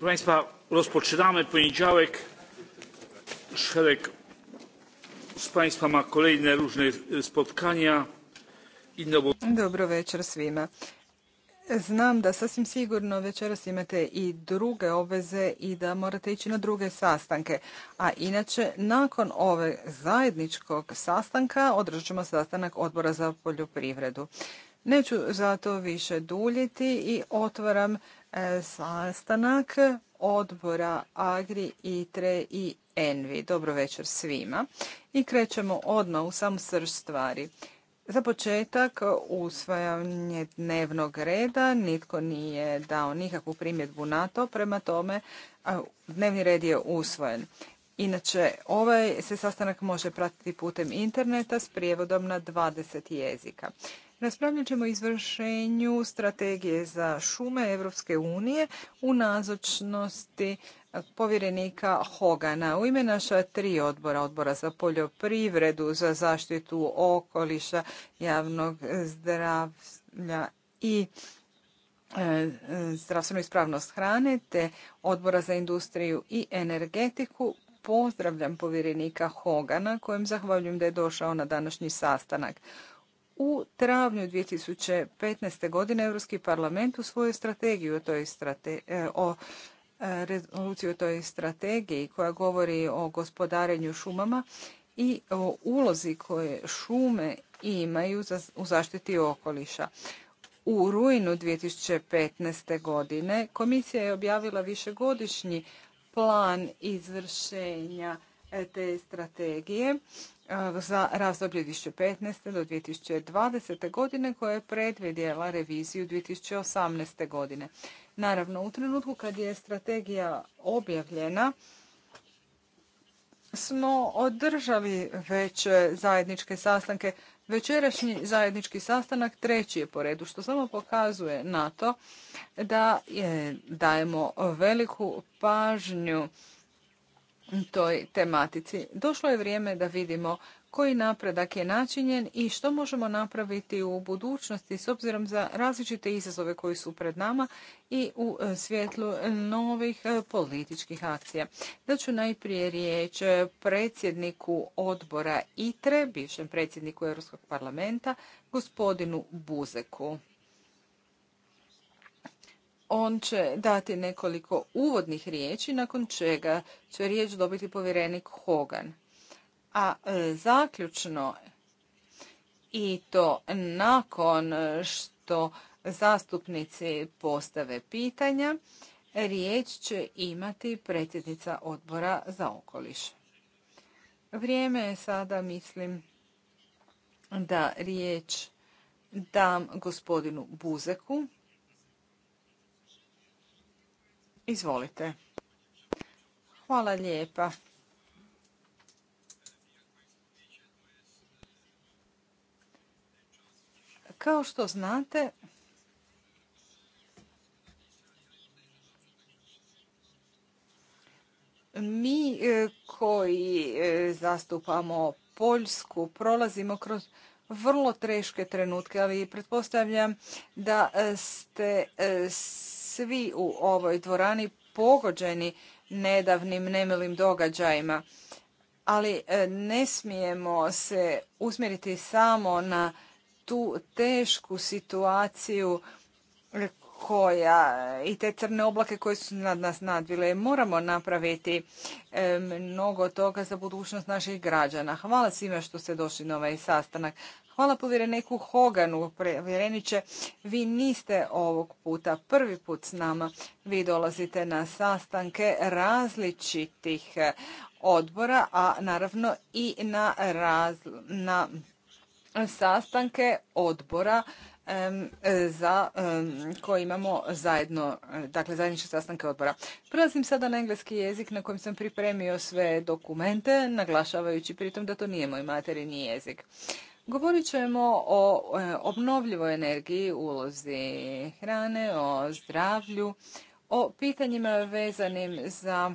Proszę Państwa, rozpoczynamy poniedziałek. Szereg z ma kolejne różne spotkania. Dobro večer svima. Znam da sasvim sigurno večeras imate i druge obveze i da morate ići na druge sastanke. A inače, nakon ove zajedničkog sastanka održat ćemo sastanak odbora za poljoprivredu. Neću zato više duljiti i otvaram e, sastanak odbora Agri, ITRE i Envi. Dobro večer svima. I krećemo odmah u sam srž stvari. Za početak usvajanje dnevnog reda, nitko nije dao nikakvu primjedbu na to, prema tome e, dnevni red je usvojen. Inače, ovaj se sastanak može pratiti putem interneta s prijevodom na 20 jezika. Raspravljat ćemo izvršenju strategije za šume Europske unije u nazočnosti povjerenika Hogana. U ime naša tri odbora, odbora za poljoprivredu, za zaštitu okoliša, javnog zdravlja i e, zdravstvenu ispravnost hrane te odbora za industriju i energetiku pozdravljam povjerenika Hogana kojem zahvaljujem da je došao na današnji sastanak. U travnju 2015. godine Europski parlament u svojoj strategiju o toj e, o e, rezoluciju o toj strategiji koja govori o gospodarenju šumama i o ulozi koje šume imaju za, u zaštiti okoliša. U rujnu 2015. godine komisija je objavila višegodišnji plan izvršenja e, te strategije za razdoblje 2015. do 2020. godine koja je predvidjela reviziju 2018. godine. Naravno, u trenutku kad je strategija objavljena, smo održali već zajedničke sastanke. Večerašnji zajednički sastanak treći je po redu, što samo pokazuje na to da dajemo veliku pažnju toj tematici. Došlo je vrijeme da vidimo koji napredak je načinjen i što možemo napraviti u budućnosti s obzirom za različite izazove koji su pred nama i u e, svjetlu novih e, političkih akcija. Da ću najprije riječ e, predsjedniku odbora ITRE, bivšem predsjedniku Europskog parlamenta, gospodinu Buzeku. On će dati nekoliko uvodnih riječi, nakon čega će riječ dobiti povjerenik Hogan. A e, zaključno, i to nakon što zastupnici postave pitanja, riječ će imati predsjednica odbora za okoliš. Vrijeme je sada, mislim, da riječ dam gospodinu Buzeku. Izvolite. Hvala lijepa. Kao što znate, mi e, koji e, zastupamo Poljsku prolazimo kroz vrlo teške trenutke, ali pretpostavljam da e, ste svi u ovoj dvorani pogođeni nedavnim nemilim događajima. Ali e, ne smijemo se usmjeriti samo na tu tešku situaciju koja i te crne oblake koje su nad nas nadvile. Moramo napraviti e, mnogo toga za budućnost naših građana. Hvala svima što ste došli na ovaj sastanak. Hvala povjereniku Hoganu, povjereniče, vi niste ovog puta prvi put s nama. Vi dolazite na sastanke različitih odbora, a naravno i na, na sastanke odbora za koje imamo zajedno, dakle zajedničke sastanke odbora. Prelazim sada na engleski jezik na kojem sam pripremio sve dokumente, naglašavajući pritom da to nije moj materijni jezik. Govorit ćemo o e, obnovljivoj energiji, ulozi hrane, o zdravlju, o pitanjima vezanim za e,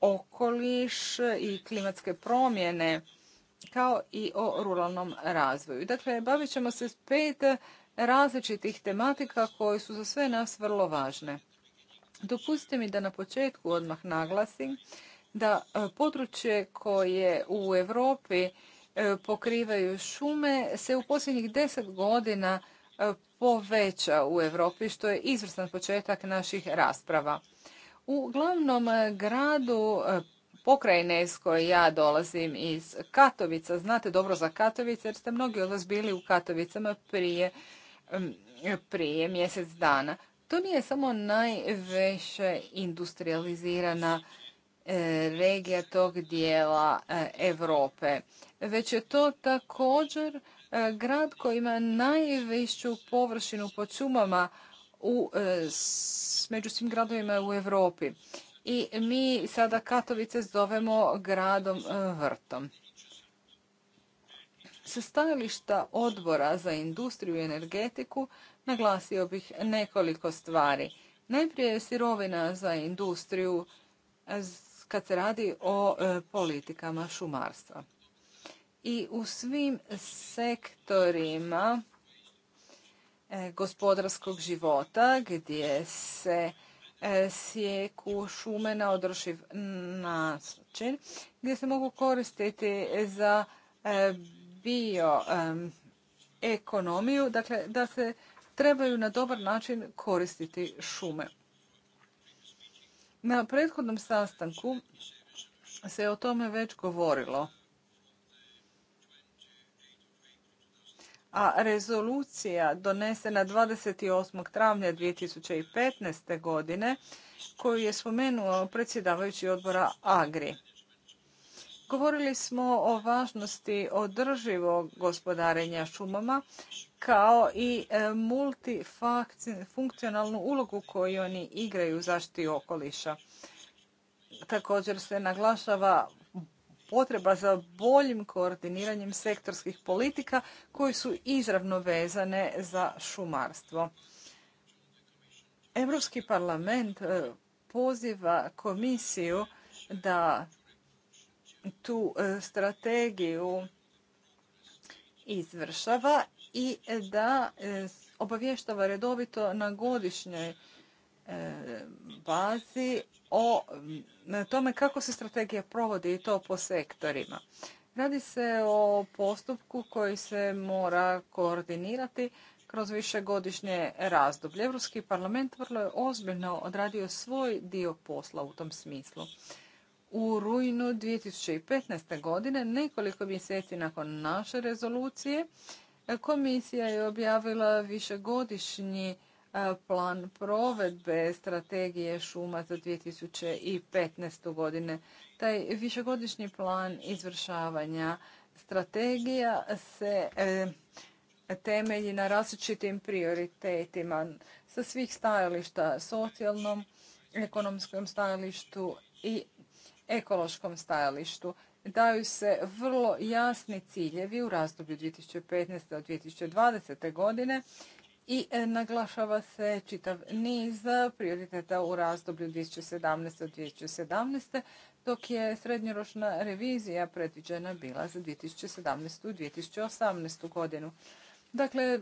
okoliš i klimatske promjene, kao i o ruralnom razvoju. Dakle, bavit ćemo se pet različitih tematika koje su za sve nas vrlo važne. Dopustite mi da na početku odmah naglasim da e, područje koje u Europi E, pokrivaju šume se u posljednjih deset godina e, poveća u Europi, što je izvrstan početak naših rasprava. U glavnom gradu e, pokrajine iz koje ja dolazim iz Katovica, znate dobro za Katovice jer ste mnogi od vas bili u Katovicama prije, prije mjesec dana. To nije samo najveće industrializirana E, regija tog dijela e, Europe. Već je to također e, grad koji ima najveću površinu pod šumama u, među svim gradovima u Europi. I mi sada Katovice zovemo gradom vrtom. Sa stajališta odbora za industriju i energetiku naglasio bih nekoliko stvari. Najprije sirovina za industriju kad se radi o e, politikama šumarstva. I u svim sektorima e, gospodarskog života gdje se e, sjeku šume na održiv način, gdje se mogu koristiti za bio ekonomiju, dakle da se trebaju na dobar način koristiti šume. Na prethodnom sastanku se o tome već govorilo. A rezolucija donesena 28. travnja 2015. godine koju je spomenuo predsjedavajući odbora Agri. Govorili smo o važnosti održivog gospodarenja šumama kao i e, multifunkcionalnu ulogu koju oni igraju u zaštiti okoliša. Također se naglašava potreba za boljim koordiniranjem sektorskih politika koji su izravno vezane za šumarstvo. Europski parlament e, poziva komisiju da tu e, strategiju izvršava i da e, obavještava redovito na godišnjoj e, bazi o tome kako se strategija provodi i to po sektorima. Radi se o postupku koji se mora koordinirati kroz višegodišnje razdoblje. Europski parlament vrlo je ozbiljno odradio svoj dio posla u tom smislu. U rujnu 2015. godine, nekoliko mjeseci nakon naše rezolucije, Komisija je objavila višegodišnji e, plan provedbe strategije šuma za 2015. godine. Taj višegodišnji plan izvršavanja strategija se e, temelji na različitim prioritetima sa svih stajališta, socijalnom, ekonomskom stajalištu i ekološkom stajalištu daju se vrlo jasni ciljevi u razdoblju 2015. do 2020. godine i e, naglašava se čitav niz e, prioriteta u razdoblju 2017. do 2017. dok je srednjoročna revizija predviđena bila za 2017. i 2018. godinu. Dakle,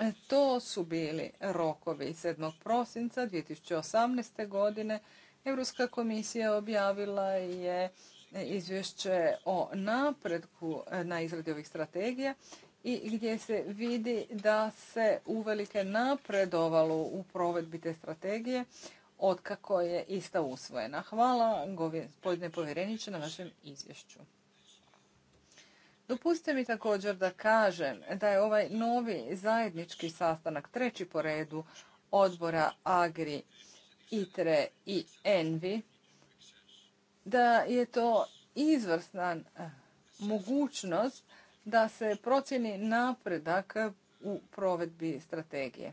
e, to su bili rokovi 7. prosinca 2018. godine. Europska komisija objavila je izvješće o napredku e, na izradi ovih strategija i gdje se vidi da se uvelike napredovalo u provedbi te strategije otkako je ista usvojena. Hvala gospodine povjereniče na vašem izvješću. Dopustite mi također da kažem da je ovaj novi zajednički sastanak treći po redu odbora Agri, ITRE i ENVI da je to izvrsna eh, mogućnost da se procjeni napredak u provedbi strategije.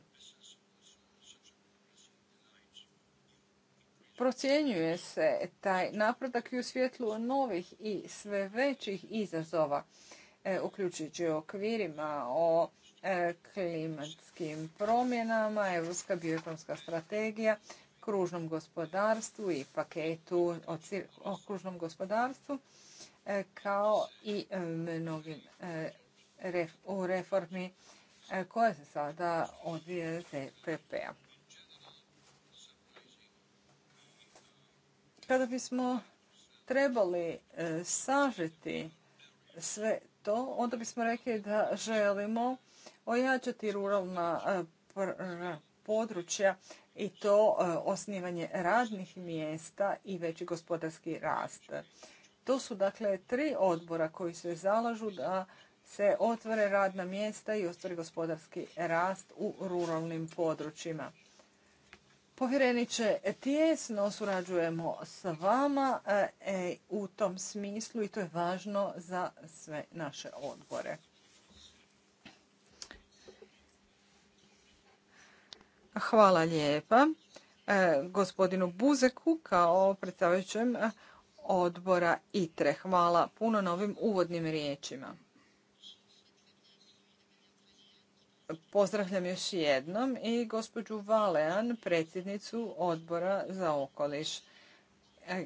Procjenjuje se taj napredak i u svjetlu novih i sve većih izazova, eh, uključujući okvirima o eh, klimatskim promjenama, Europska bioekonomska strategija, kružnom gospodarstvu i paketu o kružnom gospodarstvu kao i mnogim u reformi koja se sada odvije ZPP-a. Kada bismo trebali sažeti sve to, onda bismo rekli da želimo ojačati ruralna područja i to e, osnivanje radnih mjesta i veći gospodarski rast. To su dakle tri odbora koji se zalažu da se otvore radna mjesta i ostvari gospodarski rast u ruralnim područjima. Povjereniče, tijesno surađujemo s vama e, u tom smislu i to je važno za sve naše odbore. Hvala lijepa e, gospodinu Buzeku kao predstavajućem odbora ITRE. Hvala puno na ovim uvodnim riječima. Pozdravljam još jednom i gospođu Valean, predsjednicu odbora za okoliš. E,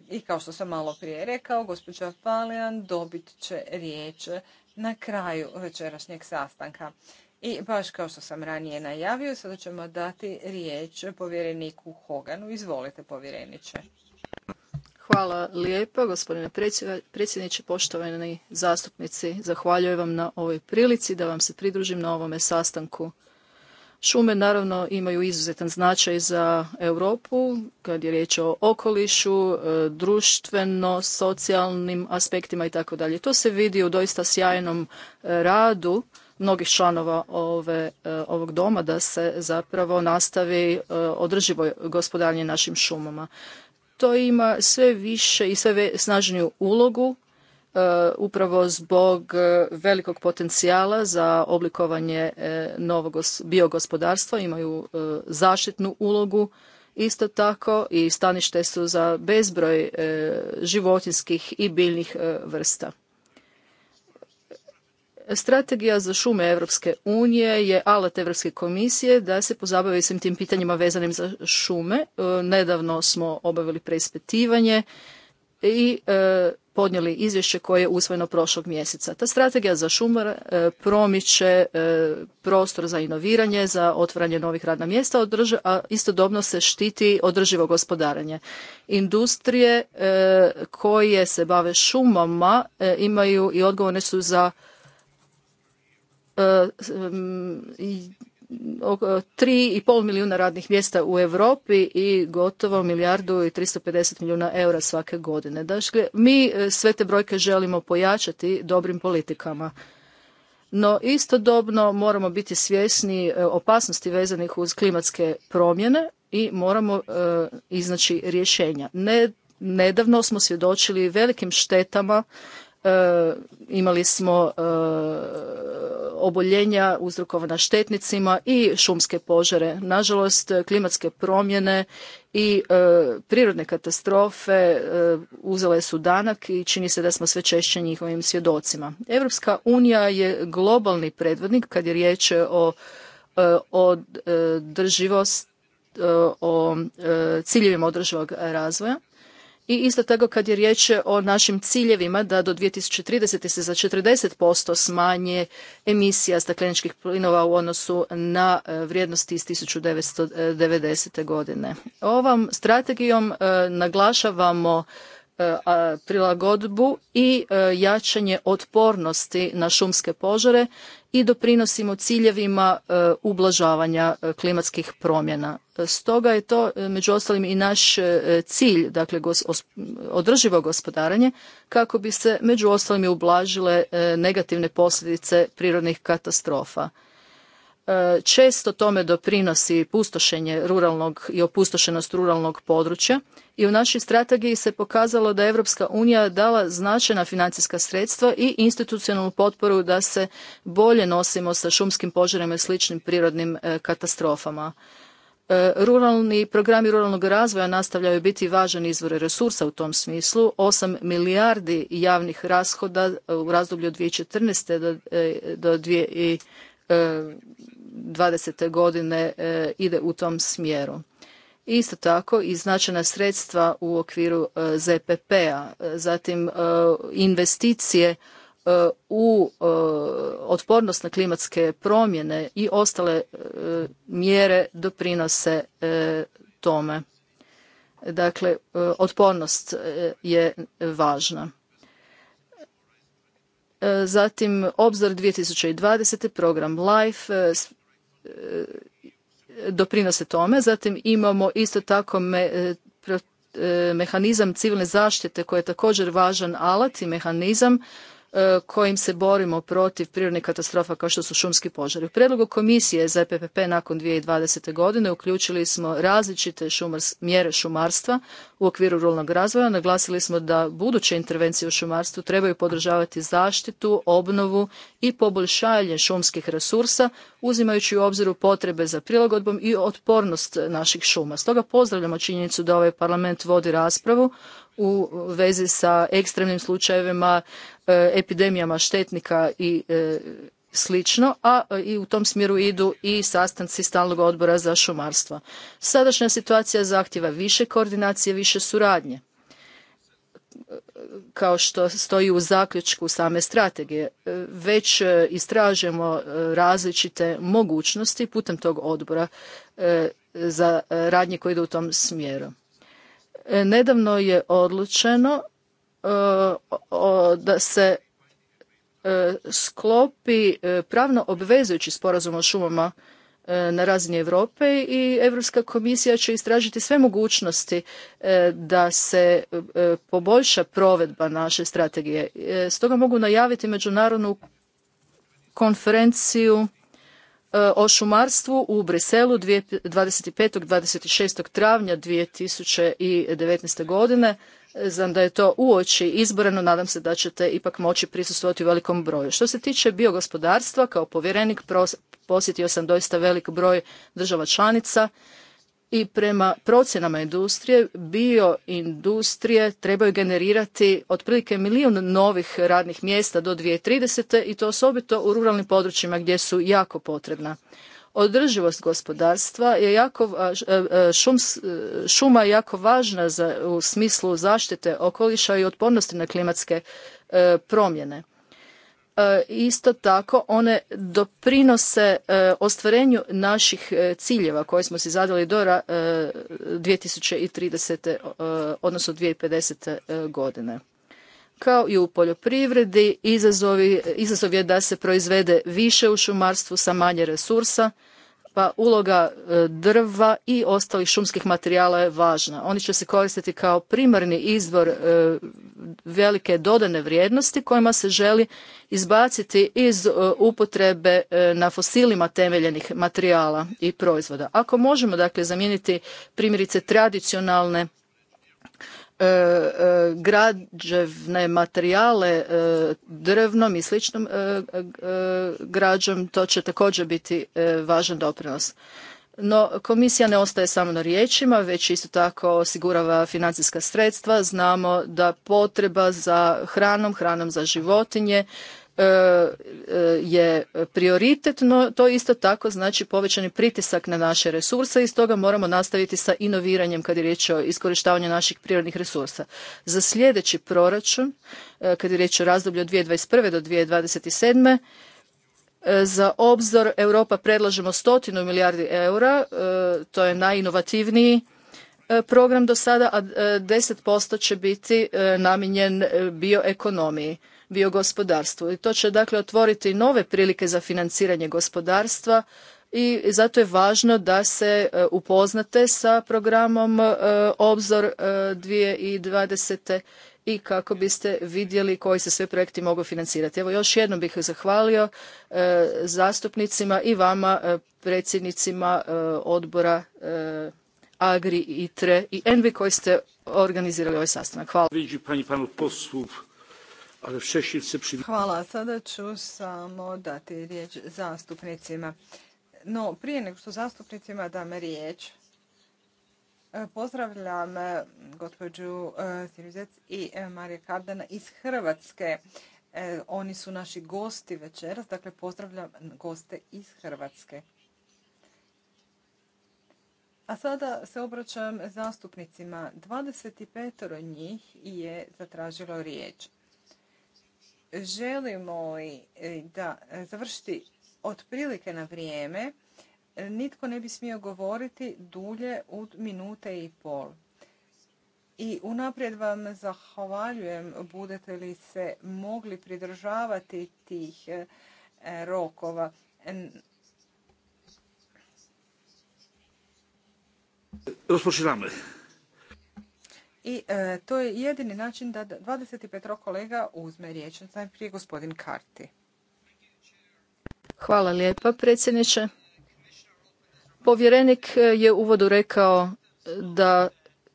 I kao što sam malo prije rekao, gospođa Valean dobit će riječ na kraju večerašnjeg sastanka. I baš kao što sam ranije najavio, sada ćemo dati riječ povjereniku Hoganu. Izvolite povjereniče. Hvala lijepa, gospodine predsjedniče, poštovani zastupnici. Zahvaljujem vam na ovoj prilici da vam se pridružim na ovome sastanku. Šume naravno imaju izuzetan značaj za Europu kad je riječ o okolišu, e, društveno, socijalnim aspektima i tako dalje. To se vidi u doista sjajnom e, radu mnogih članova ove, e, ovog doma da se zapravo nastavi e, održivo gospodarnje našim šumama. To ima sve više i sve snažniju ulogu e, upravo zbog velikog potencijala za oblikovanje novog biogospodarstva, imaju zaštitnu ulogu isto tako i stanište su za bezbroj životinskih i biljnih vrsta. Strategija za šume Europske unije je alat Europske komisije da se pozabavi svim tim pitanjima vezanim za šume. E, nedavno smo obavili preispitivanje i e, podnijeli izvješće koje je usvojeno prošlog mjeseca. Ta strategija za šumar e, promiče prostor za inoviranje, za otvaranje novih radna mjesta, a istodobno se štiti održivo gospodaranje. Industrije koje se bave šumama imaju i odgovorne su za 3,5 e, milijuna radnih mjesta u Europi i gotovo milijardu i 350 milijuna eura svake godine. Dakle, mi e, sve te brojke želimo pojačati dobrim politikama. No istodobno moramo biti svjesni e, opasnosti vezanih uz klimatske promjene i moramo iznaći rješenja. Ne, nedavno smo svjedočili velikim štetama E, imali smo e, oboljenja uzrokovana štetnicima i šumske požare. Nažalost, klimatske promjene i e, prirodne katastrofe uzele su danak i čini se da smo sve češće njihovim svjedocima. Europska unija je globalni predvodnik kad je riječ o održivost, o ciljevima održivog razvoja i isto tako kad je riječ o našim ciljevima da do 2030. se za 40% smanje emisija stakleničkih plinova u odnosu na e, vrijednosti iz 1990. godine. Ovom strategijom e, naglašavamo E, prilagodbu i e, jačanje otpornosti na šumske požare i doprinosimo ciljevima e, ublažavanja klimatskih promjena. Stoga je to među ostalim i naš cilj, dakle održivo gospodaranje kako bi se među ostalim i ublažile negativne posljedice prirodnih katastrofa. E, često tome doprinosi pustošenje ruralnog i opustošenost ruralnog područja i u našoj strategiji se pokazalo da je Europska unija dala značajna financijska sredstva i institucionalnu potporu da se bolje nosimo sa šumskim požarima i sličnim prirodnim e, katastrofama. E, ruralni programi ruralnog razvoja nastavljaju biti važan izvor resursa u tom smislu. 8 milijardi javnih rashoda u razdoblju od 2014. do, do 2020. godine e, ide u tom smjeru. Isto tako i značajna sredstva u okviru e, ZPP-a, e, zatim investicije u otpornost na klimatske promjene i ostale mjere doprinose tome. Dakle, otpornost je važna. E, zatim obzor 2020. program LIFE e, e, doprinose tome, zatim imamo isto tako mehanizam civilne zaštite koji je također važan alat i mehanizam E, kojim se borimo protiv prirodnih katastrofa kao što su šumski požari. U predlogu komisije za EPPP nakon 2020. godine uključili smo različite mjere šumarstva u okviru ruralnog razvoja. Naglasili smo da buduće intervencije u šumarstvu trebaju podržavati zaštitu, obnovu i poboljšanje šumskih resursa uzimajući u obziru potrebe za prilagodbom i otpornost naših šuma. Stoga pozdravljamo činjenicu da ovaj parlament vodi raspravu u vezi sa ekstremnim slučajevima, e, epidemijama štetnika i e, slično, a e, i u tom smjeru idu i sastanci stalnog odbora za šumarstvo. Sadašnja situacija zahtjeva više koordinacije, više suradnje kao što stoji u zaključku same strategije. Već istražujemo različite mogućnosti putem tog odbora za radnje koje idu u tom smjeru. E, nedavno je odlučeno e, da se e, sklopi pravno obvezujući sporazum o šumama na razini Europe i Europska komisija će istražiti sve mogućnosti da se poboljša provedba naše strategije. Stoga mogu najaviti međunarodnu konferenciju E, o šumarstvu u Briselu 25. 26. travnja 2019. godine. Znam da je to uoči izborano, nadam se da ćete ipak moći prisustvovati u velikom broju. Što se tiče biogospodarstva, kao povjerenik posjetio sam doista velik broj država članica i prema procjenama industrije bioindustrije trebaju generirati otprilike milijun novih radnih mjesta do 2030. i to osobito u ruralnim područjima gdje su jako potrebna. Održivost gospodarstva je jako, e, e, e, šuma je jako važna za, u smislu zaštite okoliša i otpornosti na klimatske promjene. E, isto tako one doprinose e, ostvarenju naših e, ciljeva koje smo si zadali do 2030. odnosno 2050. godine. Kao i u poljoprivredi izazov je da se proizvede više u šumarstvu sa manje resursa, pa uloga e, drva i ostalih šumskih materijala je važna. Oni će se koristiti kao primarni izvor e, velike dodane vrijednosti kojima se želi izbaciti iz e, upotrebe na fosilima temeljenih materijala i proizvoda. Ako možemo dakle zamijeniti primjerice tradicionalne E, e, građevne materijale e, drvnom i sličnom građom, to će također biti važan doprinos. No, komisija ne ostaje samo na riječima, već isto tako osigurava financijska sredstva. Znamo da potreba za hranom, hranom za životinje E, e, je prioritet, no to isto tako znači povećani pritisak na naše resurse i stoga moramo nastaviti sa inoviranjem kad je riječ o iskorištavanju naših prirodnih resursa. Za sljedeći proračun, e, kad je riječ o razdoblju od 2021. do 2027. Za obzor Europa predlažemo stotinu milijardi eura, to je najinovativniji program do sada, a 10% će biti namijenjen bioekonomiji biogospodarstvu. I to će dakle otvoriti nove prilike za financiranje gospodarstva i zato je važno da se e, upoznate sa programom e, Obzor 2020 e, i kako biste vidjeli koji se sve projekti mogu financirati. Evo još jednom bih zahvalio zastupnicima i vama predsjednicima odbora Agri, ITRE i ENVI koji ste organizirali ovaj sastanak. Hvala. Hvala, sada ću samo dati riječ zastupnicima. No, prije nego što zastupnicima dame riječ, e, pozdravljam e, gospođu e, Sirizec i Marija Kardana iz Hrvatske. Oni su naši gosti večeras, dakle pozdravljam goste iz Hrvatske. A sada se obraćam zastupnicima. 25 njih je zatražilo riječ želimo li e, da završiti otprilike na vrijeme, e, nitko ne bi smio govoriti dulje od minute i pol. I unaprijed vam zahvaljujem budete li se mogli pridržavati tih e, rokova. I e, to je jedini način da 25 kolega uzme riječ. Najprije gospodin Karti. Hvala lijepa predsjedniče. Povjerenik e, je uvodu rekao da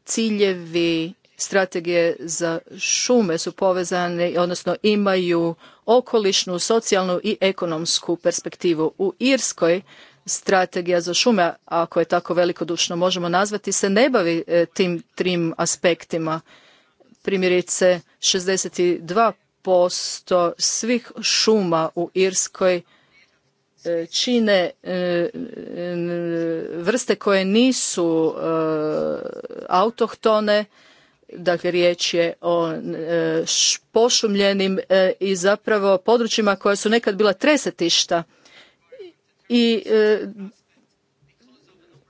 ciljevi strategije za šume su povezani, odnosno imaju okolišnu, socijalnu i ekonomsku perspektivu. U Irskoj strategija za šume, ako je tako velikodušno možemo nazvati, se ne bavi e, tim trim aspektima. Primjerice, 62% svih šuma u Irskoj e, čine e, vrste koje nisu autohtone, dakle riječ je o pošumljenim i zapravo područjima koja su nekad bila tresetišta i e,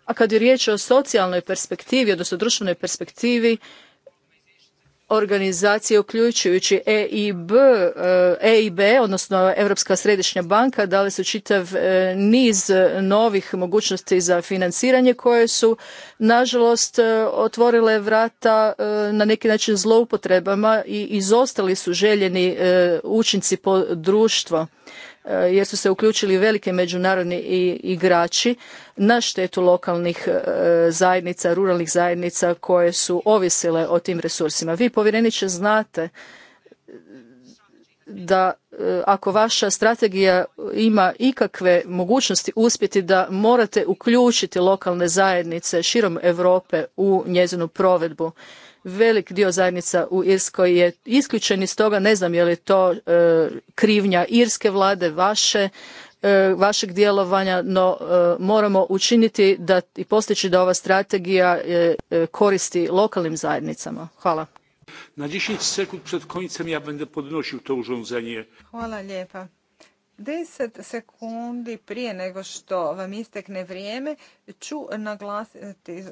a kad je riječ o socijalnoj perspektivi, odnosno društvenoj perspektivi, organizacije uključujući EIB, EIB, e odnosno Europska središnja banka, dali su čitav e, niz novih mogućnosti za financiranje koje su, nažalost, otvorile vrata na neki način zloupotrebama i izostali su željeni učinci po društvo. Eh, jer su se uključili veliki međunarodni igrači na štetu lokalnih eh, zajednica, ruralnih zajednica koje su ovisile o tim resursima. Vi povjereniče znate da eh, ako vaša strategija ima ikakve mogućnosti uspjeti da morate uključiti lokalne zajednice širom Europe u njezinu provedbu velik dio zajednica u Irskoj je isključen iz toga, ne znam je li to e, krivnja irske vlade, vaše, e, vašeg djelovanja, no e, moramo učiniti da i postići da ova strategija koristi lokalnim zajednicama. Hvala. Na 10 sekund ja będę podnosił to urządzenie. Hvala lijepa. 10 sekundi prije nego što vam istekne vrijeme ću naglasiti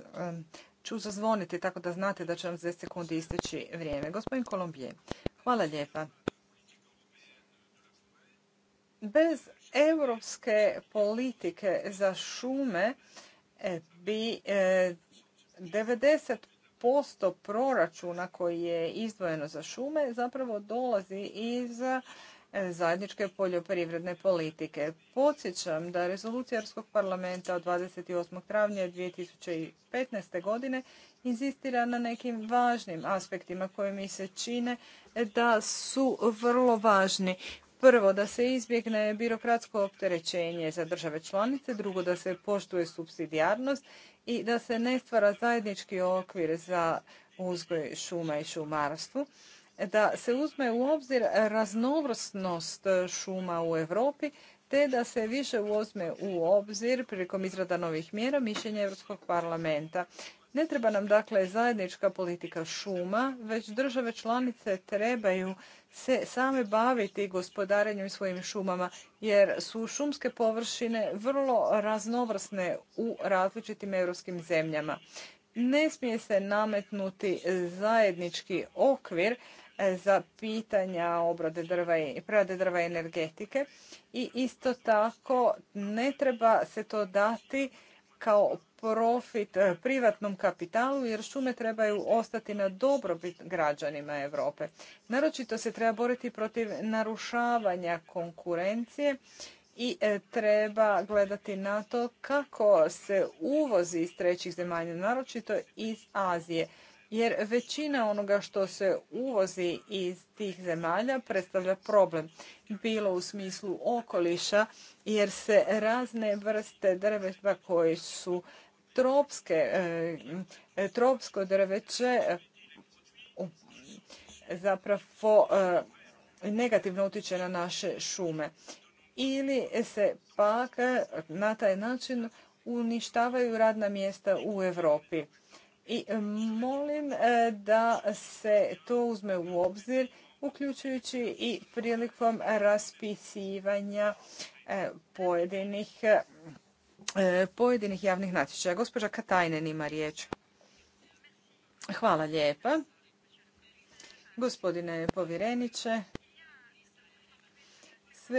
ću zazvoniti tako da znate da će vam za sekundi isteći vrijeme. Gospodin Kolombije, hvala lijepa. Bez europske politike za šume e, bi 90% e, proračuna koji je izdvojeno za šume zapravo dolazi iz zajedničke poljoprivredne politike. Podsjećam da rezolucija Europskog parlamenta od 28. travnja 2015. godine inzistira na nekim važnim aspektima koje mi se čine da su vrlo važni. Prvo, da se izbjegne birokratsko opterećenje za države članice, drugo, da se poštuje subsidijarnost i da se ne stvara zajednički okvir za uzgoj šuma i šumarstvu da se uzme u obzir raznovrsnost šuma u Europi te da se više uzme u obzir prilikom izrada novih mjera mišljenja Europskog parlamenta. Ne treba nam dakle zajednička politika šuma, već države članice trebaju se same baviti gospodarenjem svojim šumama, jer su šumske površine vrlo raznovrsne u različitim europskim zemljama. Ne smije se nametnuti zajednički okvir e, za pitanja obrade drva i prerade drva i energetike i isto tako ne treba se to dati kao profit e, privatnom kapitalu jer šume trebaju ostati na dobrobit građanima Europe. Naročito se treba boriti protiv narušavanja konkurencije i e, treba gledati na to kako se uvozi iz trećih zemalja, naročito iz Azije. Jer većina onoga što se uvozi iz tih zemalja predstavlja problem. Bilo u smislu okoliša, jer se razne vrste drveta koje su tropske, e, tropsko drveće zapravo e, negativno utječe na naše šume ili se pak e, na taj način uništavaju radna mjesta u Europi. I e, molim e, da se to uzme u obzir, uključujući i prilikom raspisivanja pojedinih, pojedinih javnih natječaja. Gospođa Katajnen ima riječ. Hvala lijepa. Gospodine povjereniče,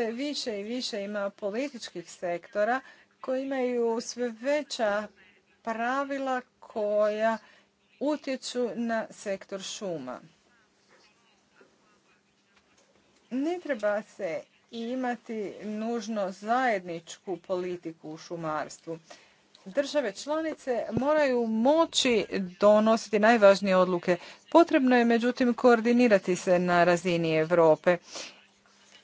više i više ima političkih sektora koji imaju sve veća pravila koja utječu na sektor šuma. Ne treba se imati nužno zajedničku politiku u šumarstvu. Države članice moraju moći donositi najvažnije odluke. Potrebno je međutim koordinirati se na razini Europe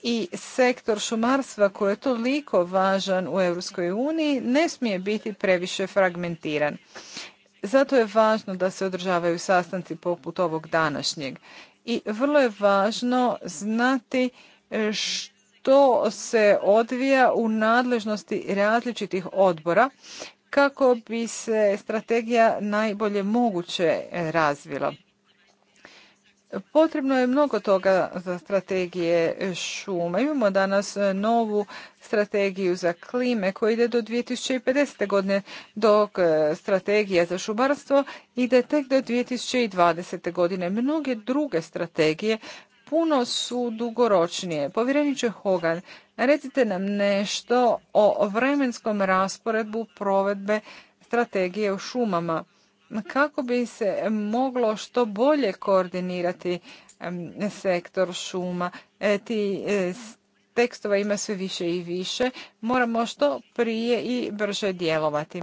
i sektor šumarstva koji je toliko važan u Europskoj uniji ne smije biti previše fragmentiran. Zato je važno da se održavaju sastanci poput ovog današnjeg i vrlo je važno znati što se odvija u nadležnosti različitih odbora kako bi se strategija najbolje moguće razvila. Potrebno je mnogo toga za strategije šuma. Imamo danas novu strategiju za klime koja ide do 2050. godine, dok e, strategija za šumarstvo ide tek do 2020. godine. Mnoge druge strategije puno su dugoročnije. Povjereniče Hogan, recite nam nešto o vremenskom rasporedbu provedbe strategije u šumama kako bi se moglo što bolje koordinirati sektor šuma. E, ti e, tekstova ima sve više i više. Moramo što prije i brže djelovati.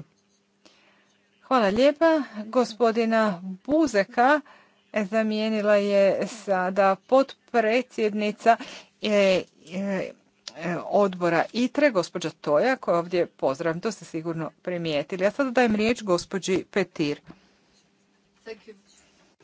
Hvala lijepa. Gospodina Buzeka zamijenila je sada potpredsjednica e, E, odbora ITRE, gospođa Toja, koja ovdje pozdravim, to ste sigurno primijetili. Ja sada dajem riječ gospođi Petir.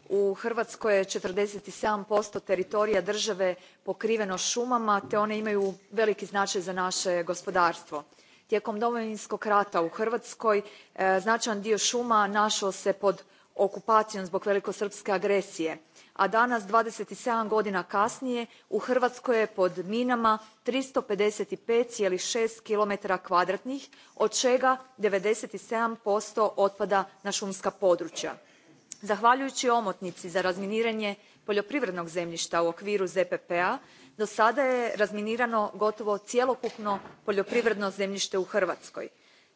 U Hrvatskoj je 47% teritorija države pokriveno šumama, te one imaju veliki značaj za naše gospodarstvo. Tijekom Domovinskog rata u Hrvatskoj e, značajan dio šuma našao se pod okupacijom zbog velikosrpske agresije a danas twenty seven godina kasnije u hrvatskoj je pod minama three hundred and fifty five six kilometara kvadratnih od ega ninety seven otpada na šumska podruja. Zahvaljujući omotnici za razminiranje poljoprivrednog zemljišta u okviru zpp do sada je razminirano gotovo cjelokupno poljoprivredno zemljite u hrvatskoj.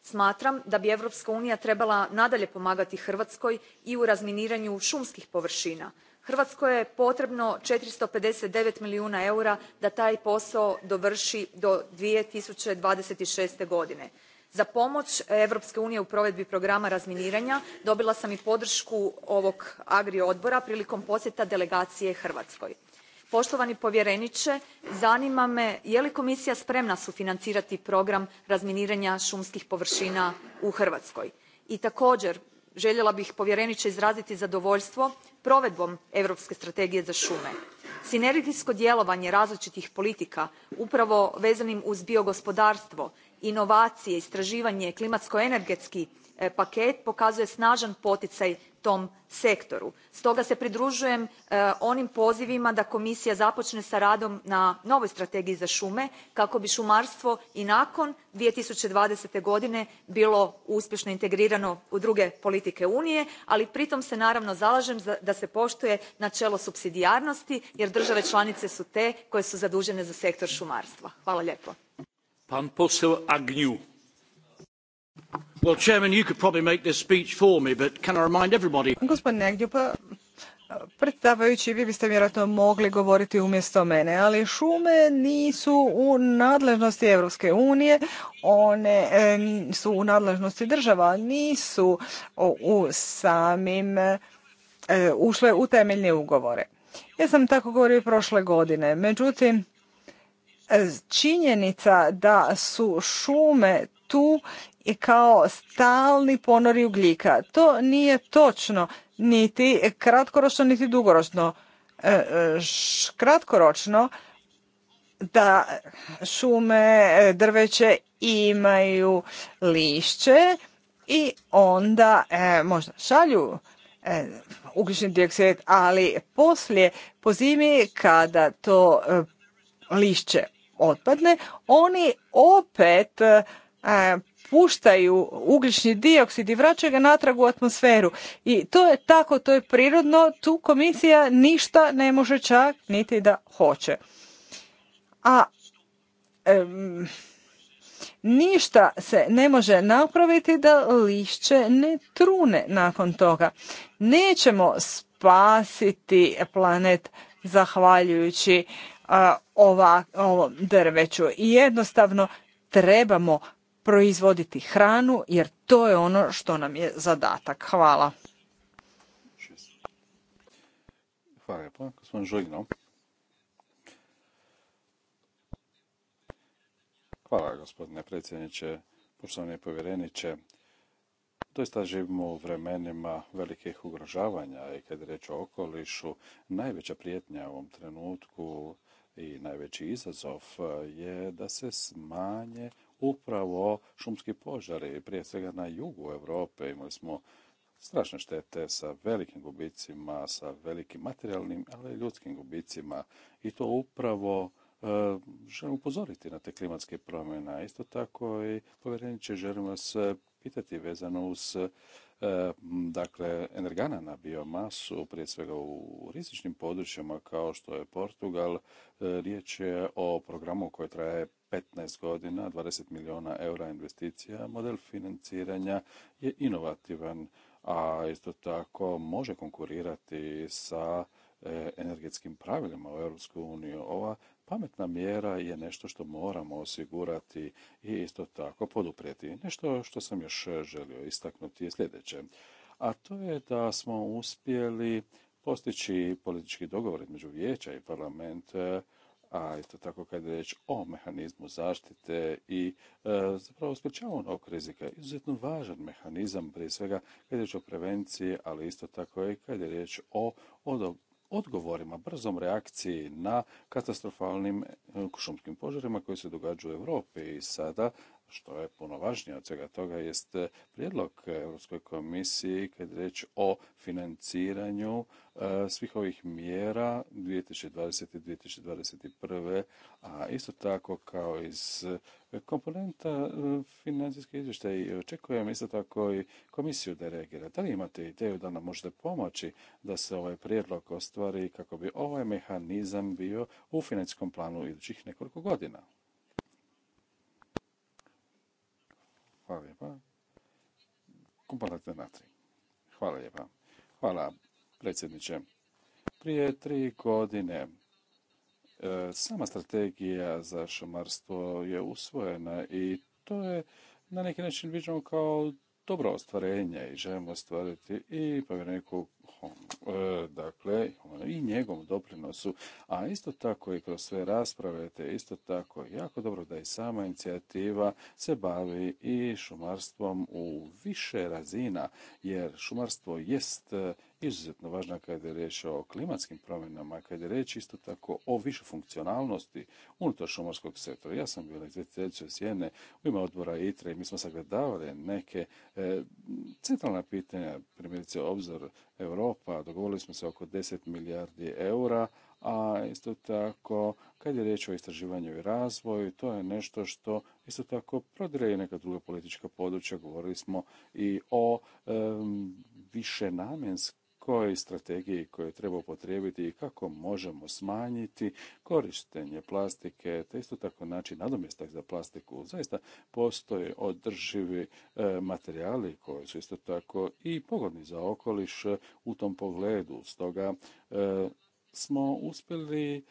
smatram da bi europska unija trebala nadalje pomagati hrvatskoj i u razminiranju šumskih povrina hrvatskoj je potrebno four hundred and fifty nine milijuna eura da taj posao dovrši do. two thousand and twenty six godine. za pomo europske unije u provedbi programa razminiranja dobila sam i podrku ovog agri odbora prilikom posjeta delegacije hrvatskoj. Poštovani povjerenie zanima me je li komisija spremna sufinancirati program razminiranja šumskih povrina u hrvatskoj? i takoer željela bih povjereniče izraziti zadovoljstvo provedbom europske strategije za šume. sinergijsko djelovanje različitih politika upravo vezanim uz biogospodarstvo inovacije istraživanje klimatsko energetski E, paket pokazuje snažan poticaj tom sektoru. stoga se pridružujem e, onim pozivima da komisija započne sa radom na novoj strategiji za šume kako bi šumarstvo i nakon. two thousand and twenty godine bilo uspješno integrirano u druge politike unije ali pritom se naravno zalažem da se poštuje načelo supsidijarnosti jer države članice su te koje su zadužene za sektor šumarstva. Well, Chairman, you Gospodine pa, predstavajući vi biste vjerojatno mogli govoriti umjesto mene, ali šume nisu u nadležnosti Europske unije, one su u nadležnosti država, nisu u samim e, ušle u temeljne ugovore. Ja sam tako govorio prošle godine, međutim, e, činjenica da su šume tu kao stalni ponori ugljika. To nije točno, niti kratkoročno, niti dugoročno. E, e, kratkoročno da šume, e, drveće imaju lišće i onda možda šalju ugljični dioksid, ali poslije po zimi kada to lišće otpadne, oni opet puštaju ugljični dioksid i vraćaju ga natrag u atmosferu. I to je tako, to je prirodno, tu komisija ništa ne može čak niti da hoće. A ništa se ne može napraviti da lišće ne trune nakon toga. Nećemo spasiti planet zahvaljujući ovom drveću. I jednostavno trebamo proizvoditi hranu jer to je ono što nam je zadatak. Hvala. Hvala Hvala gospodine predsjedniče, poštovani povjereniče. Doista živimo u vremenima velikih ugrožavanja i kad je reč o okolišu, najveća prijetnja u ovom trenutku i najveći izazov je da se smanje upravo šumski požari. Prije svega na jugu Europe imali smo strašne štete sa velikim gubicima, sa velikim materijalnim, ali i ljudskim gubicima. I to upravo e, želim upozoriti na te klimatske promjene. isto tako i povjereniče želim vas e, pitati vezano uz e, dakle energana na biomasu, prije svega u rizičnim područjima kao što je Portugal. riječ je o programu koji traje 15 godina, 20 milijuna eura investicija, model financiranja je inovativan, a isto tako može konkurirati sa e, energetskim pravilima u EU. Ova pametna mjera je nešto što moramo osigurati i isto tako poduprijeti. Nešto što sam još želio istaknuti je sljedeće, a to je da smo uspjeli postići politički dogovor između vijeća i parlamenta, a isto tako kad je reč o mehanizmu zaštite i e, zapravo sprečavanju ovog rizika. Izuzetno važan mehanizam, prije svega kad je riječ o prevenciji, ali isto tako i kad je riječ o odgovorima, brzom reakciji na katastrofalnim e, šumskim požarima koji se događaju u Europi i sada što je puno važnije od svega toga jest e, prijedlog Europskoj komisiji kad je reč o financiranju e, svih ovih mjera 2020. i 2021. a isto tako kao iz e, komponenta financijske izvještaje i očekujem isto tako i komisiju da reagira. Da li imate ideju da nam možete pomoći da se ovaj prijedlog ostvari kako bi ovaj mehanizam bio u financijskom planu idućih nekoliko godina? Hvala lijepa. natri. Hvala lijepa. Hvala, predsjedniče. Prije tri godine e, sama strategija za šumarstvo je usvojena i to je na neki način viđeno kao dobro ostvarenje i želimo ostvariti i povjereniku e, dakle i njegovom doprinosu, a isto tako i kroz sve rasprave, te isto tako jako dobro da i sama inicijativa se bavi i šumarstvom u više razina, jer šumarstvo jest izuzetno važna kada je riječ o klimatskim promjenama, kada je riječ isto tako o više funkcionalnosti unutar šumarskog sektora. Ja sam bila izvjetiteljica Sjene u ime odbora ITRE i mi smo sagledavali neke e, centralna pitanja, primjerice obzor Europa, dogovorili smo se oko 10 milijardi eura, a isto tako kad je riječ o istraživanju i razvoju, to je nešto što isto tako prodire i neka druga politička područja. Govorili smo i o više kojoj strategiji koje treba upotrijebiti i kako možemo smanjiti korištenje plastike, te isto tako naći nadomjestak za plastiku. Zaista postoje održivi e, materijali koji su isto tako i pogodni za okoliš u tom pogledu. Stoga e, smo uspjeli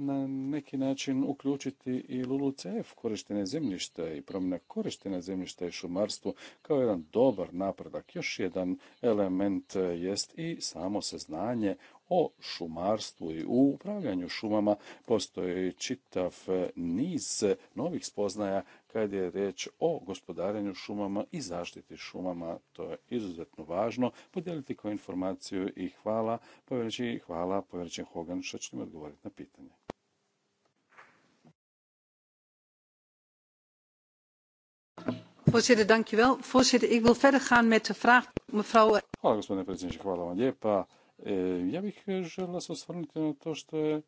na neki način uključiti i LULUCF, korištenje zemljišta i promjena korištenja zemljišta i šumarstvu kao jedan dobar napredak. Još jedan element jest i samo seznanje o šumarstvu i u upravljanju šumama postoji čitav niz novih spoznaja kad je riječ o gospodarenju šumama i zaštiti šumama. To je izuzetno važno. Podijeliti koju informaciju i hvala povjereći hvala povjerećem Hogan što ćete mi odgovoriti na pitanje. Voorzitter, dankjewel. Voorzitter, ik wil verder gaan met de vraag mevrouw... Hvala gospodine predsjedniče, hvala vam lijepa. E, ja bih želila se osvrnuti na to što je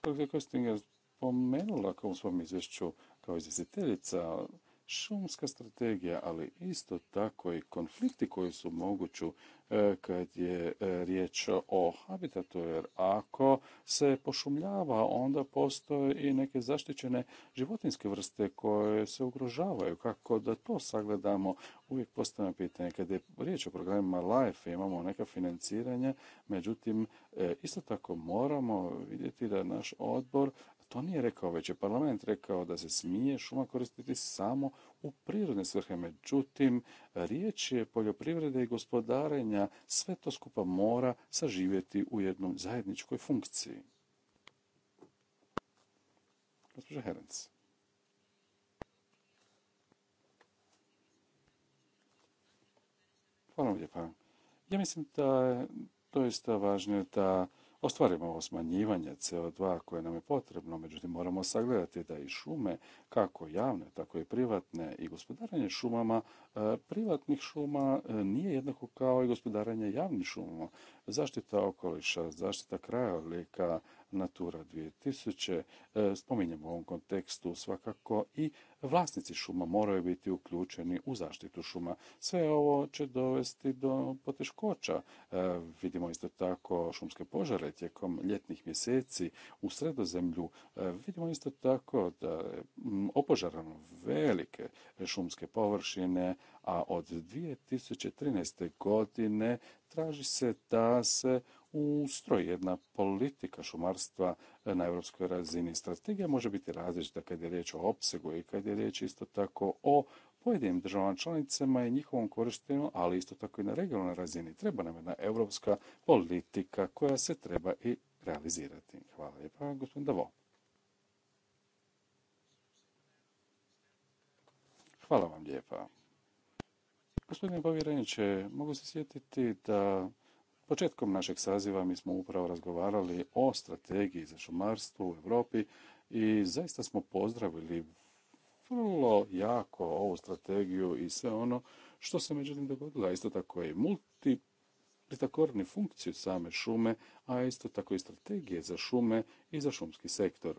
kolega Kostinger spomenula u svom izvješću kao izvjestiteljica šumska strategija, ali isto tako i konflikti koji su moguću e, kad je e, riječ o habitatu, jer ako se pošumljava, onda postoje i neke zaštićene životinske vrste koje se ugrožavaju. Kako da to sagledamo, uvijek postane pitanje. Kad je riječ o programima LIFE, imamo neka financiranja, međutim, e, isto tako moramo vidjeti da naš odbor to nije rekao, već je parlament rekao da se smije šuma koristiti samo u prirodne svrhe. Međutim, riječ je poljoprivrede i gospodarenja, sve to skupa mora saživjeti u jednom zajedničkoj funkciji. Gospodin Herenc. Hvala vam lijepa. Ja mislim da je doista važno da ostvarimo ovo smanjivanje CO2 koje nam je potrebno, međutim moramo sagledati da i šume, kako javne, tako i privatne, i gospodaranje šumama, e, privatnih šuma e, nije jednako kao i gospodaranje javnih šumama. Zaštita okoliša, zaštita krajolika, Natura 2000. E, spominjemo u ovom kontekstu svakako i vlasnici šuma moraju biti uključeni u zaštitu šuma. Sve ovo će dovesti do poteškoća. E, vidimo isto tako šumske požare tijekom ljetnih mjeseci u sredozemlju. E, vidimo isto tako da opožarano velike šumske površine, a od 2013. godine traži se da se ustroj, jedna politika šumarstva na europskoj razini. Strategija može biti različita kad je riječ o opsegu i kad je riječ isto tako o pojedinim državama članicama i njihovom korištenju, ali isto tako i na regionalnoj razini. Treba nam jedna europska politika koja se treba i realizirati. Hvala lijepa, gospodin Davo. Hvala vam lijepa. Gospodine povjereniče, mogu se sjetiti da Početkom našeg saziva mi smo upravo razgovarali o strategiji za šumarstvo u Europi i zaista smo pozdravili vrlo jako ovu strategiju i sve ono što se međutim dogodilo, isto tako je i multi funkciju same šume, a isto tako i strategije za šume i za šumski sektor.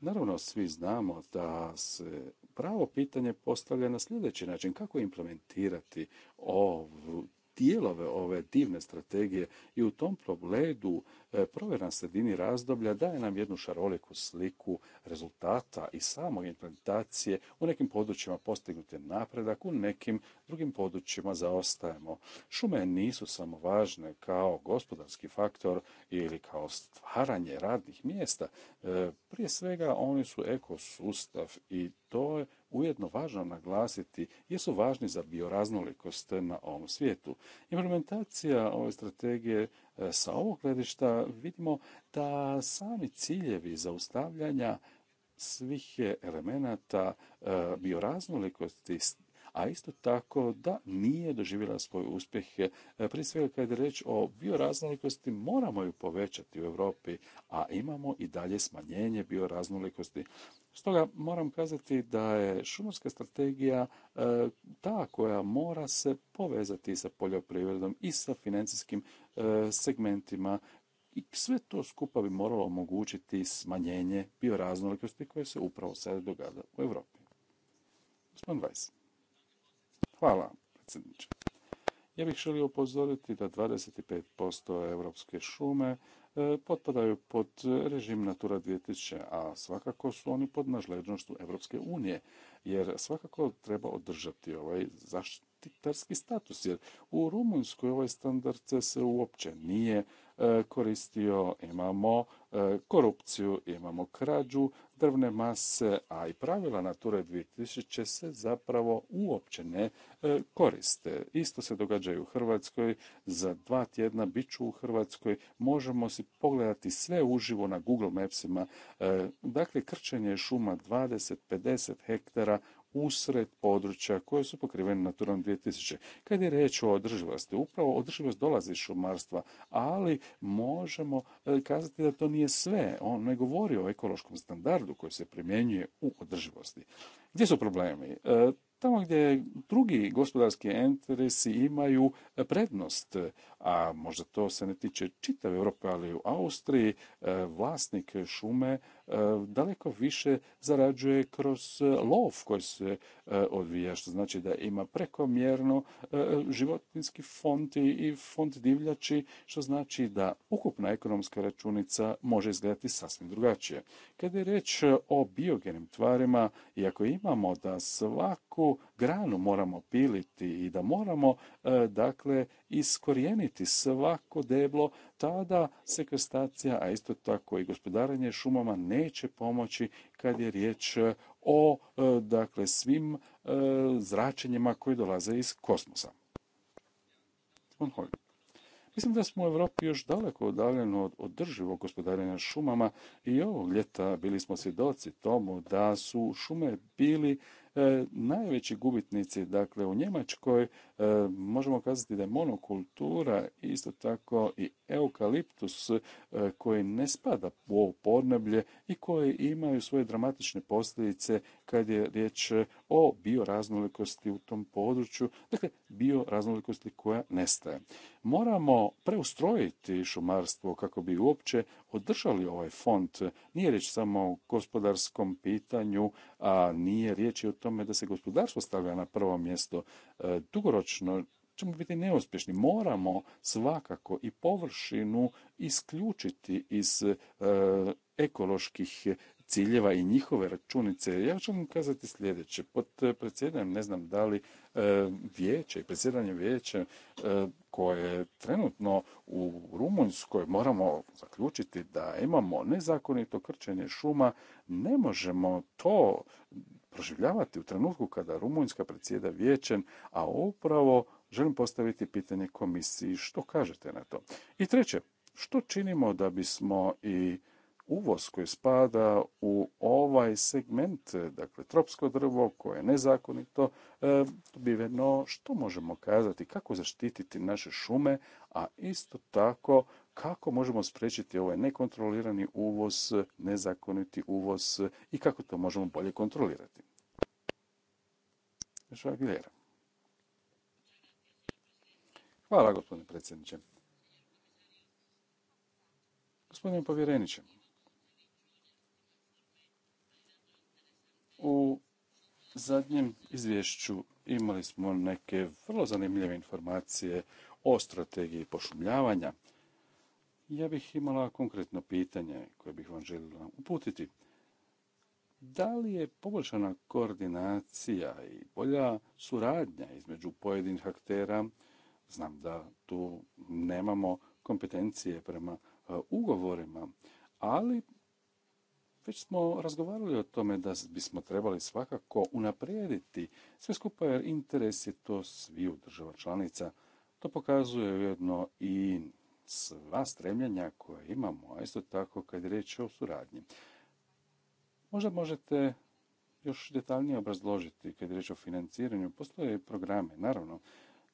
Naravno, svi znamo da se pravo pitanje postavlja na sljedeći način kako implementirati ovu dijelove ove divne strategije i u tom pogledu e, provjera na sredini razdoblja daje nam jednu šaroliku sliku rezultata i samo implementacije. U nekim područjima postignut napredak, u nekim drugim područjima zaostajemo. Šume nisu samo važne kao gospodarski faktor ili kao stvaranje radnih mjesta. E, prije svega oni su ekosustav i to je ujedno važno naglasiti jesu važni za bioraznolikost na ovom svijetu. Implementacija ove strategije e, sa ovog gledišta vidimo da sami ciljevi zaustavljanja svih elemenata e, bioraznolikosti a isto tako da nije doživjela svoje uspjehe, Prije svega kad je reč o bioraznolikosti, moramo ju povećati u Europi, a imamo i dalje smanjenje bioraznolikosti. Stoga moram kazati da je šumarska strategija e, ta koja mora se povezati sa poljoprivredom i sa financijskim e, segmentima i sve to skupa bi moralo omogućiti smanjenje bioraznolikosti koje se upravo sada događa u Europi. Gospodin Weiss. Hvala, predsjedniče. Ja bih želio upozoriti da 25% europske šume E, potpadaju pod režim Natura 2000, a svakako su oni pod nadležnošću Europske unije, jer svakako treba održati ovaj zaštitu titarski status, jer u Rumunjskoj ovaj standard se uopće nije e, koristio, imamo e, korupciju, imamo krađu drvne mase, a i pravila Nature 2000 se zapravo uopće ne e, koriste. Isto se događa i u Hrvatskoj, za dva tjedna bit ću u Hrvatskoj, možemo si pogledati sve uživo na Google Mapsima. Dakle, krčenje šuma 20-50 hektara usred područja koje su pokrivene Naturom 2000. Kad je reč o održivosti, upravo održivost dolazi iz šumarstva, ali možemo eh, kazati da to nije sve. On ne govori o ekološkom standardu koji se primjenjuje u održivosti. Gdje su problemi? Eh, tamo gdje drugi gospodarski interesi imaju eh, prednost, a možda to se ne tiče čitave Europe, ali u Austriji e, vlasnik šume e, daleko više zarađuje kroz e, lov koji se odvija, što znači da ima prekomjerno životinski fond i fond divljači, što znači da ukupna ekonomska računica može izgledati sasvim drugačije. Kada je reč o biogenim tvarima, iako imamo da svaku granu moramo piliti i da moramo dakle iskorijeniti svako deblo, tada sekvestacija, a isto tako i gospodaranje šumama neće pomoći kad je riječ e, o e, dakle, svim e, zračenjima koji dolaze iz kosmosa. Mislim da smo u Europi još daleko udaljeno od održivog gospodarenja šumama i ovog ljeta bili smo svjedoci tomu da su šume bili E, najveći gubitnici, dakle u Njemačkoj e, možemo kazati da je monokultura isto tako i eukaliptus e, koji ne spada u ovo podneblje i koji imaju svoje dramatične posljedice kad je riječ o bioraznolikosti u tom području, dakle bioraznolikosti koja nestaje. Moramo preustrojiti šumarstvo kako bi uopće održali ovaj fond. Nije riječ samo o gospodarskom pitanju, a nije riječ i o tome da se gospodarstvo stavlja na prvo mjesto. E, dugoročno ćemo biti neuspješni. Moramo svakako i površinu isključiti iz e, ekoloških ciljeva i njihove računice. Ja ću vam kazati sljedeće. Pod e, predsjedanjem ne znam da li E, vijeće i predsjedanje vijeće e, koje trenutno u Rumunjskoj moramo zaključiti da imamo nezakonito krčenje šuma, ne možemo to proživljavati u trenutku kada Rumunjska predsjeda vijećem, a upravo želim postaviti pitanje komisiji što kažete na to. I treće, što činimo da bismo i uvoz koji spada u ovaj segment, dakle tropsko drvo koje je nezakonito dobiveno, e, što možemo kazati, kako zaštititi naše šume, a isto tako kako možemo spriječiti ovaj nekontrolirani uvoz, nezakoniti uvoz i kako to možemo bolje kontrolirati. Hvala, gospodine predsjedniče. Gospodine povjereniče, U zadnjem izvješću imali smo neke vrlo zanimljive informacije o strategiji pošumljavanja. Ja bih imala konkretno pitanje koje bih vam željela uputiti. Da li je poboljšana koordinacija i bolja suradnja između pojedinih aktera? Znam da tu nemamo kompetencije prema e, ugovorima, ali već smo razgovarali o tome da bismo trebali svakako unaprijediti sve skupa jer interes je to sviju država članica. To pokazuje ujedno i sva stremljenja koja imamo, a isto tako kad je riječ o suradnji. Možda možete još detaljnije obrazložiti kad je riječ o financiranju. Postoje programe, naravno.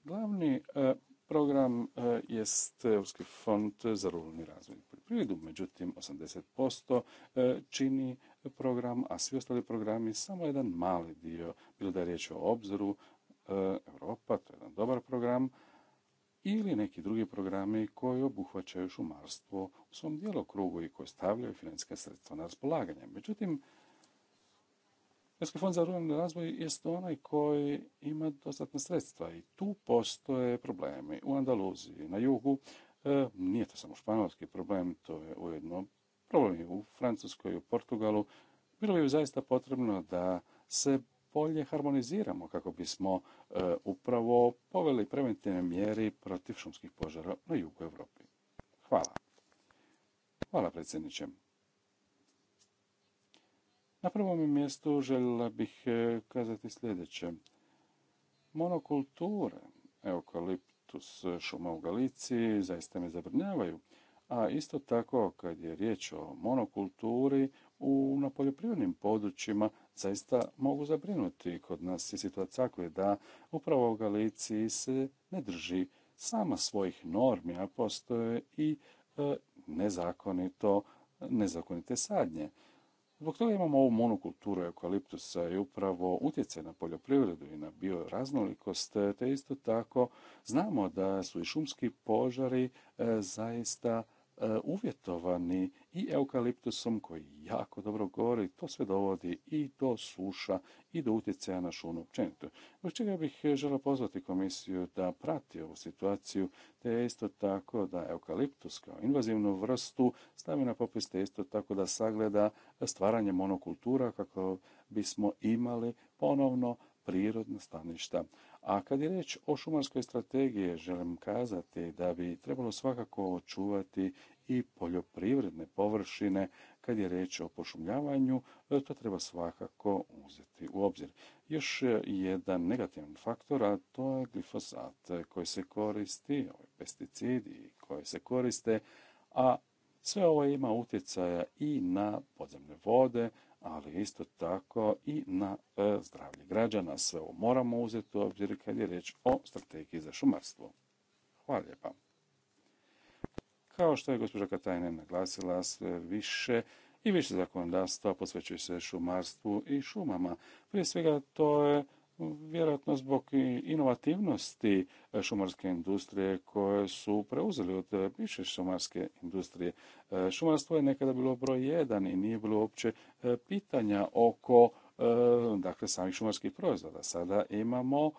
Glavni e, Program e, jest Europski fond za ruralni razvoj i poljoprivredu, međutim 80% e, čini program, a svi ostali programi samo jedan mali dio, bilo da je riječ o obzoru e, Europa, to je jedan dobar program, ili neki drugi programi koji obuhvaćaju šumarstvo u svom djelokrugu i koji stavljaju financijska sredstva na raspolaganje. Međutim, Europski fond za ruralni razvoj jest onaj koji ima dostatna sredstva i tu postoje problemi u Andaluziji, na jugu. E, nije to samo španjolski problem, to je ujedno problem i u Francuskoj i u Portugalu. Bilo bi zaista potrebno da se bolje harmoniziramo kako bismo e, upravo poveli preventivne mjeri protiv šumskih požara na jugu Europi. Hvala. Hvala predsjedniče. Na prvom mjestu željela bih e, kazati sljedeće. Monokulture, eukaliptus, šuma u Galiciji, zaista me zabrinjavaju. A isto tako, kad je riječ o monokulturi, u, na poljoprivrednim područjima zaista mogu zabrinuti. Kod nas je situacija je da upravo u Galiciji se ne drži sama svojih normi, a postoje i e, nezakonito, nezakonite sadnje. Zbog toga imamo ovu monokulturu eukaliptusa i upravo utjecaj na poljoprivredu i na bioraznolikost, te isto tako znamo da su i šumski požari e, zaista E, uvjetovani i eukaliptusom koji jako dobro govori, to sve dovodi i do suša i do utjecaja na šunu općenito. Zbog čega bih e, želio pozvati komisiju da prati ovu situaciju, te je isto tako da eukaliptus kao invazivnu vrstu stavi na popis, te isto tako da sagleda stvaranje monokultura kako bismo imali ponovno prirodno staništa. A kad je reč o šumarskoj strategiji, želim kazati da bi trebalo svakako očuvati i poljoprivredne površine. Kad je reč o pošumljavanju, to treba svakako uzeti u obzir. Još jedan negativan faktor, a to je glifosat koji se koristi, ovaj pesticidi koji se koriste, a sve ovo ima utjecaja i na podzemne vode, ali isto tako i na e, zdravlje građana. Sve ovo moramo uzeti u obzir kad je riječ o strategiji za šumarstvo. Hvala lijepa. Kao što je gospođa Katajne naglasila, sve više i više zakonodavstva posvećuje se šumarstvu i šumama. Prije svega to je vjerojatno zbog inovativnosti e, šumarske industrije koje su preuzeli od e, bivše šumarske industrije. E, šumarstvo je nekada bilo broj jedan i nije bilo uopće pitanja oko dakle samih šumarskih proizvoda. Sada imamo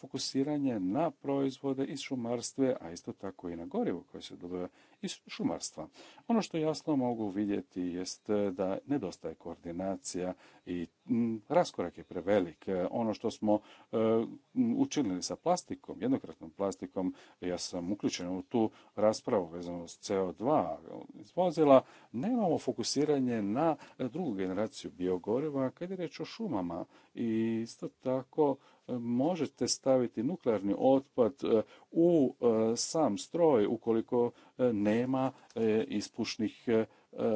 fokusiranje na proizvode iz šumarstve, a isto tako i na gorivo koje se dobiva iz šumarstva. Ono što jasno mogu vidjeti jest e, da nedostaje koordinacija i raskorak je prevelik. E, ono što smo e, učinili sa plastikom, jednokratnom plastikom, ja sam uključen u tu raspravu vezano s CO2 iz nemamo fokusiranje na drugu generaciju biogoriva kad je reč o šumama i isto tako možete staviti nuklearni otpad u e, sam stroj ukoliko e, nema e, ispušnih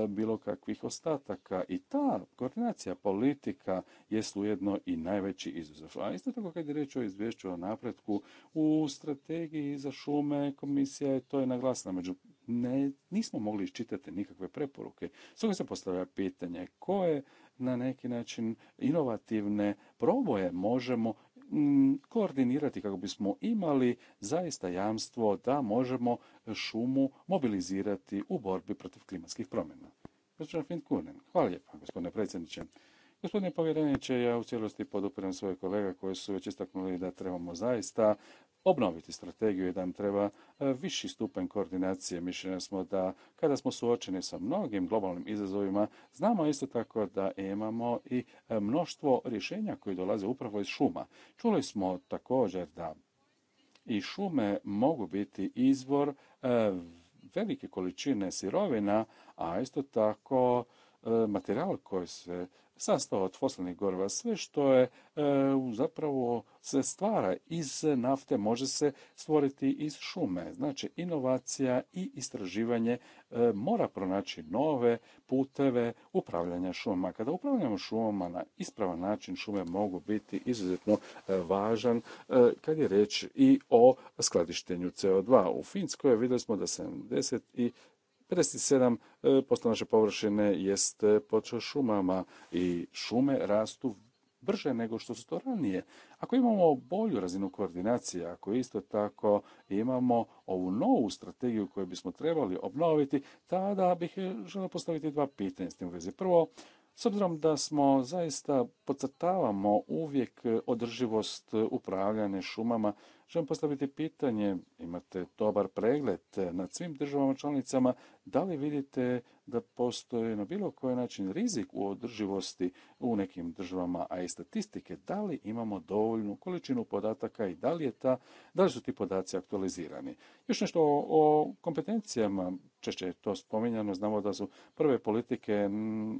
bilo kakvih ostataka. I ta koordinacija politika je ujedno i najveći izazov. A isto tako kad je reč o izvješću o napretku u strategiji za šume, komisija je to je naglasna Među nismo mogli iščitati nikakve preporuke. Stoga se postavlja pitanje koje na neki način inovativne proboje možemo Mm, koordinirati kako bismo imali zaista jamstvo da možemo šumu mobilizirati u borbi protiv klimatskih promjena. Hvala lijepa, gospodine predsjedniče. Gospodine povjereniče, ja u cijelosti podupiram svoje kolega koji su već istaknuli da trebamo zaista obnoviti strategiju i da nam treba e, viši stupanj koordinacije. Mišljenja smo da kada smo suočeni sa mnogim globalnim izazovima, znamo isto tako da imamo i e, mnoštvo rješenja koji dolaze upravo iz šuma. Čuli smo također da i šume mogu biti izvor e, velike količine sirovina, a isto tako E, materijal koji se sastao od fosilnih goriva, sve što je e, zapravo se stvara iz nafte može se stvoriti iz šume. Znači inovacija i istraživanje e, mora pronaći nove puteve upravljanja šumama. Kada upravljamo šumama na ispravan način šume mogu biti izuzetno važan kad je reč i o skladištenju CO2. U Finskoj vidjeli smo da 70 57% e, naše površine jest e, pod šumama i šume rastu brže nego što su to ranije. Ako imamo bolju razinu koordinacije, ako isto tako imamo ovu novu strategiju koju bismo trebali obnoviti, tada bih e, želio postaviti dva pitanja s tim u vezi. Prvo, s obzirom da smo zaista podcrtavamo uvijek održivost upravljane šumama, želim postaviti pitanje, imate dobar pregled nad svim državama članicama, da li vidite da postoji na bilo koji način rizik u održivosti u nekim državama, a i statistike, da li imamo dovoljnu količinu podataka i da li, je ta, da li su ti podaci aktualizirani? Još nešto o, o kompetencijama, češće je to spominjano, znamo da su prve politike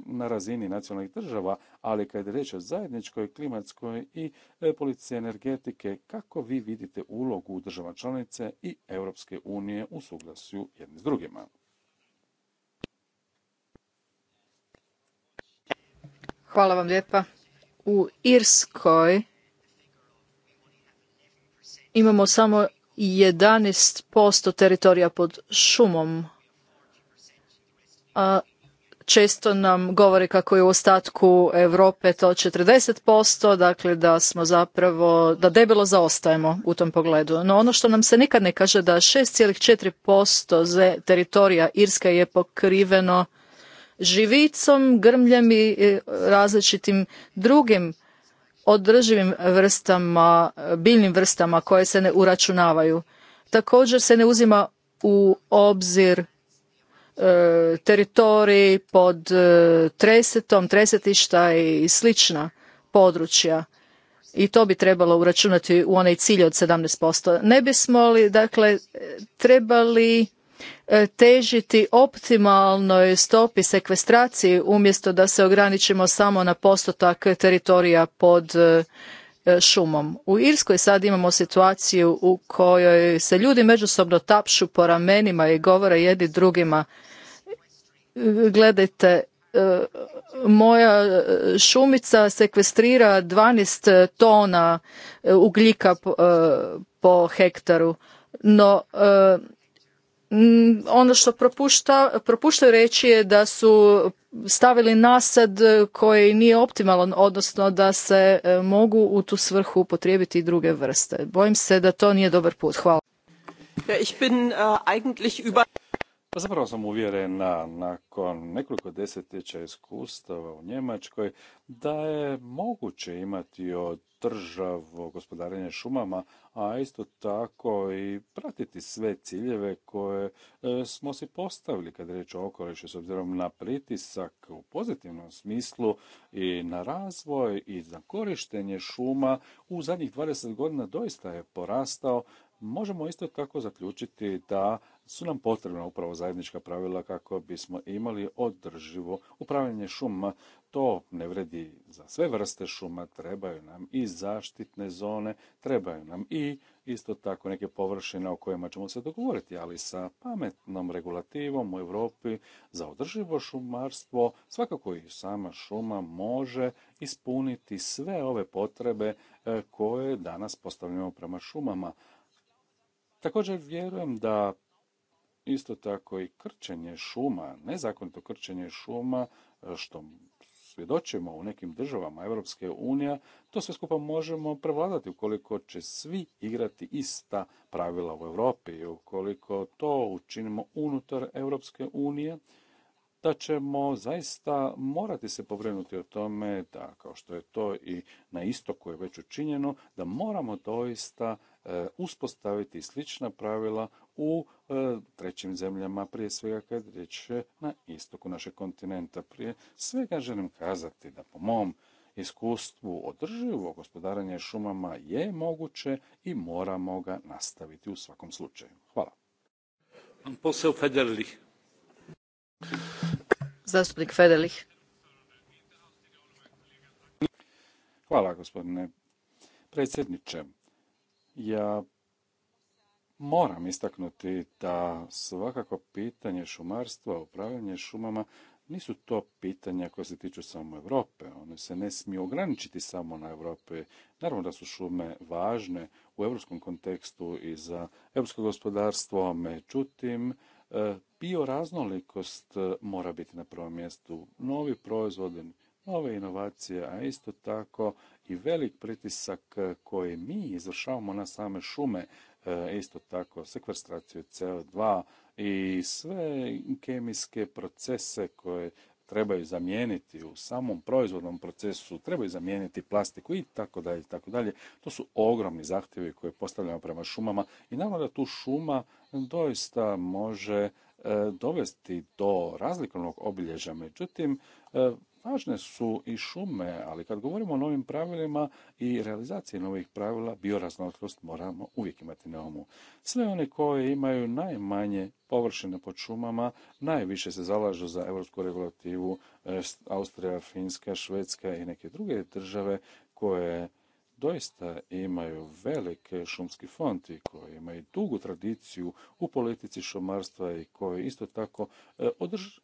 na razini nacionalnih država, ali kad je reč o zajedničkoj, klimatskoj i e, politici energetike, kako vi vidite ulogu država članice i Europske unije u suglasju jedni s drugima? Hvala vam lijepa. U Irskoj imamo samo 11% teritorija pod šumom. A često nam govore kako je u ostatku Europe to 40%, dakle da smo zapravo, da debelo zaostajemo u tom pogledu. No ono što nam se nikad ne kaže da 6,4% teritorija Irske je pokriveno živicom, grmljem i e, različitim drugim održivim vrstama, biljnim vrstama koje se ne uračunavaju. Također se ne uzima u obzir e, teritorij pod e, tresetom, tresetišta i slična područja. I to bi trebalo uračunati u onaj cilj od 17%. Ne bismo li, dakle, trebali E, težiti optimalnoj stopi sekvestraciji umjesto da se ograničimo samo na postotak teritorija pod e, e, šumom. U Irskoj sad imamo situaciju u kojoj se ljudi međusobno tapšu po ramenima i govore jedni drugima gledajte moja šumica sekvestrira 12 tona ugljika po hektaru no Mm, ono što propušta, propuštaju reći je da su stavili nasad koji nije optimalan, odnosno da se e, mogu u tu svrhu upotrijebiti i druge vrste. Bojim se da to nije dobar put. Hvala. Ja, ich bin, äh, pa zapravo sam uvjerena nakon nekoliko desetljeća iskustava u Njemačkoj da je moguće imati od državo gospodarenje šumama, a isto tako i pratiti sve ciljeve koje e, smo si postavili kad je riječ o okolišu s obzirom na pritisak u pozitivnom smislu i na razvoj i na korištenje šuma u zadnjih 20 godina doista je porastao možemo isto tako zaključiti da su nam potrebna upravo zajednička pravila kako bismo imali održivo upravljanje šuma. To ne vredi za sve vrste šuma, trebaju nam i zaštitne zone, trebaju nam i isto tako neke površine o kojima ćemo se dogovoriti, ali sa pametnom regulativom u Europi za održivo šumarstvo svakako i sama šuma može ispuniti sve ove potrebe e, koje danas postavljamo prema šumama. Također vjerujem da isto tako i krčenje šuma, nezakonito krčenje šuma, e, što svjedočimo u nekim državama Evropske unije, to sve skupa možemo prevladati ukoliko će svi igrati ista pravila u Europi i ukoliko to učinimo unutar Evropske unije, da ćemo zaista morati se povrenuti o tome da, kao što je to i na istoku je već učinjeno, da moramo doista E, uspostaviti slična pravila u e, trećim zemljama, prije svega kad riječ na istoku našeg kontinenta. Prije svega želim kazati da po mom iskustvu održivo gospodaranje šumama je moguće i moramo ga nastaviti u svakom slučaju. Hvala. Zastupnik Federlih. Hvala gospodine predsjedniče. Ja moram istaknuti da svakako pitanje šumarstva, upravljanje šumama nisu to pitanja koja se tiču samo Europe. One se ne smiju ograničiti samo na europe Naravno da su šume važne u europskom kontekstu i za evropsko gospodarstvo, međutim, e, bioraznolikost mora biti na prvom mjestu. Novi proizvodi, nove inovacije, a isto tako i velik pritisak koji mi izvršavamo na same šume, e, isto tako sekvestraciju CO2 i sve kemijske procese koje trebaju zamijeniti u samom proizvodnom procesu, trebaju zamijeniti plastiku i tako dalje, tako dalje. To su ogromni zahtjevi koje postavljamo prema šumama i naravno da tu šuma doista može e, dovesti do razlikovnog obilježja. Međutim, e, Važne su i šume, ali kad govorimo o novim pravilima i realizaciji novih pravila, bioraznolikost moramo uvijek imati na umu. Sve one koje imaju najmanje površine pod šumama, najviše se zalažu za europsku regulativu e, Austrija, Finska, Švedska i neke druge države koje doista imaju velike šumski fond i koji imaju dugu tradiciju u politici šumarstva i koji isto tako e,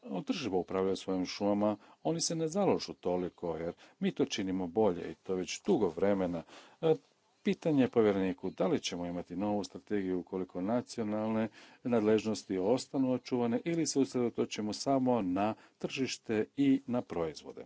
održivo upravljaju svojim šumama, oni se ne založu toliko jer mi to činimo bolje i to već dugo vremena. E, pitanje povjereniku da li ćemo imati novu strategiju ukoliko nacionalne nadležnosti ostanu očuvane ili se usredotočimo samo na tržište i na proizvode.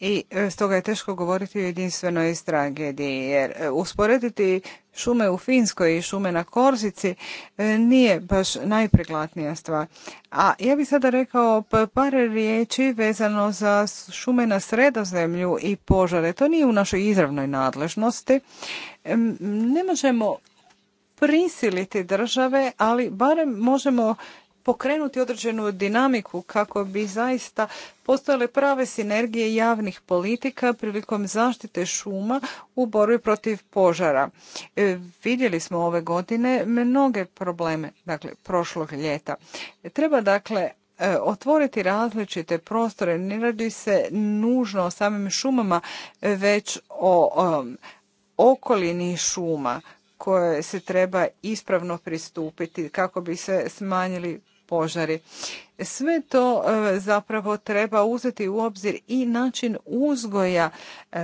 i e, stoga je teško govoriti o jedinstvenoj tragediji jer e, usporediti šume u Finskoj i šume na Korzici e, nije baš najpreglatnija stvar. A ja bih sada rekao par riječi vezano za šume na sredozemlju i požare. To nije u našoj izravnoj nadležnosti. Ne možemo prisiliti države, ali barem možemo pokrenuti određenu dinamiku kako bi zaista postojale prave sinergije javnih politika prilikom zaštite šuma u borbi protiv požara. E, vidjeli smo ove godine mnoge probleme, dakle prošlog ljeta. E, treba dakle e, otvoriti različite prostore, ne radi se nužno o samim šumama, već o okolini šuma koje se treba ispravno pristupiti kako bi se smanjili požari. Sve to e, zapravo treba uzeti u obzir i način uzgoja e,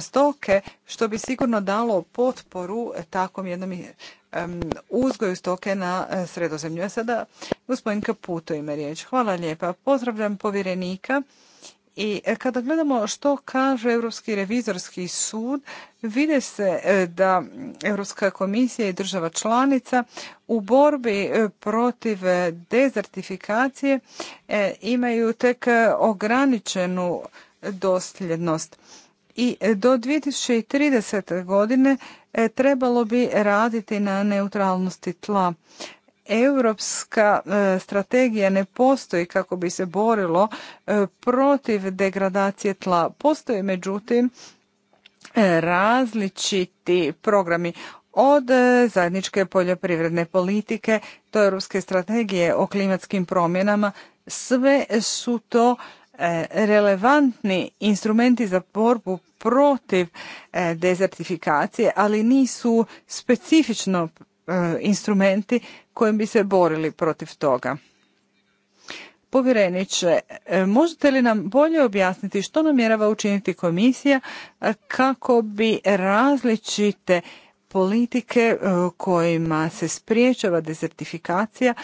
stoke, što bi sigurno dalo potporu takvom jednom e, uzgoju stoke na sredozemlju. A sada gospodin Kaputo ima riječ. Hvala lijepa. Pozdravljam povjerenika i e, kada gledamo što kaže Europski revizorski sud, vide se e, da Europska komisija i država članica u borbi e, protiv dezertifikacije imaju tek ograničenu dosljednost. I do 2030. godine trebalo bi raditi na neutralnosti tla europska e, strategija ne postoji kako bi se borilo e, protiv degradacije tla. Postoje međutim e, različiti programi od zajedničke poljoprivredne politike do europske strategije o klimatskim promjenama. Sve su to relevantni instrumenti za borbu protiv dezertifikacije, ali nisu specifično instrumenti kojim bi se borili protiv toga. Povjereniče, e, možete li nam bolje objasniti što namjerava učiniti komisija e, kako bi različite politike e, kojima se spriječava dezertifikacija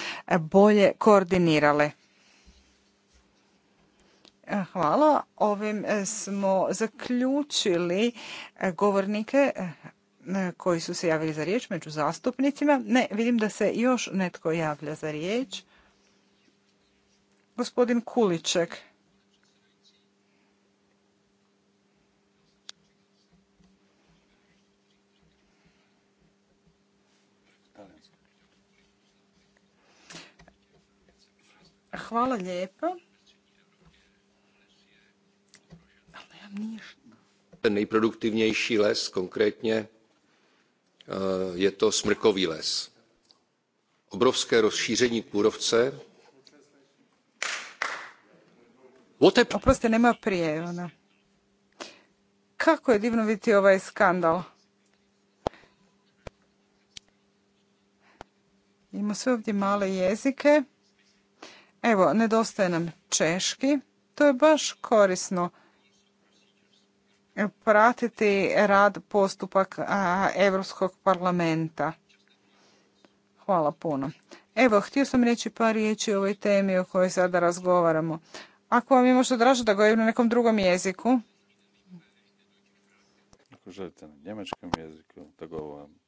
bolje koordinirale? Hvala. Ovim smo zaključili govornike E, koji su se javili za riječ među zastupnicima. Ne, vidim da se još netko javlja za riječ. Gospodin Kuliček. Hvala lijepo. Nejproduktivnější les, konkrétně je to smrkový les. Obrovské rozšíření kůrovce. nema prije. Ono. Kako je divno vidjeti ovaj skandal. Imamo sve ovdje male jezike. Evo, nedostaje nam češki. To je baš korisno pratiti rad postupak Europskog parlamenta. Hvala puno. Evo, htio sam reći par riječi o ovoj temi o kojoj sada razgovaramo. Ako vam je možda draže da govorim na nekom drugom jeziku. Ako želite na njemačkom jeziku da govorim.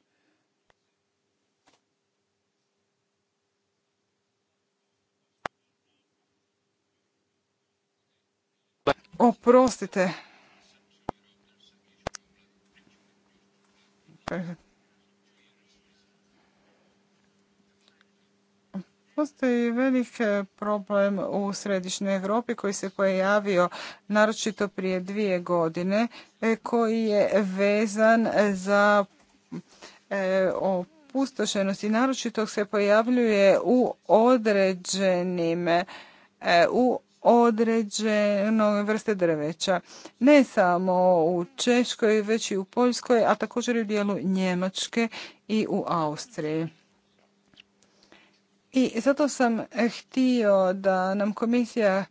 Oprostite, Postoji velik e, problem u središnjoj Europi koji se pojavio naročito prije dvije godine e, koji je vezan za e, opustošenost i naročito se pojavljuje u određenim u određene vrste drveća. Ne samo u Češkoj, već i u Poljskoj, a također i u dijelu Njemačke i u Austriji. I zato sam htio da nam komisija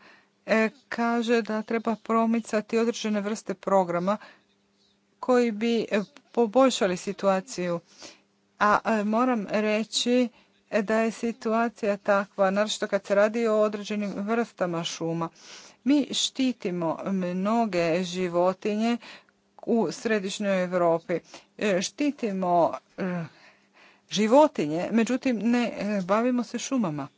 e, kaže da treba promicati određene vrste programa koji bi poboljšali situaciju. A e, moram reći E, da je situacija takva, naročito kad se radi o određenim vrstama šuma. Mi štitimo mnoge životinje u središnjoj Europi. E, štitimo e, životinje, međutim ne bavimo se šumama.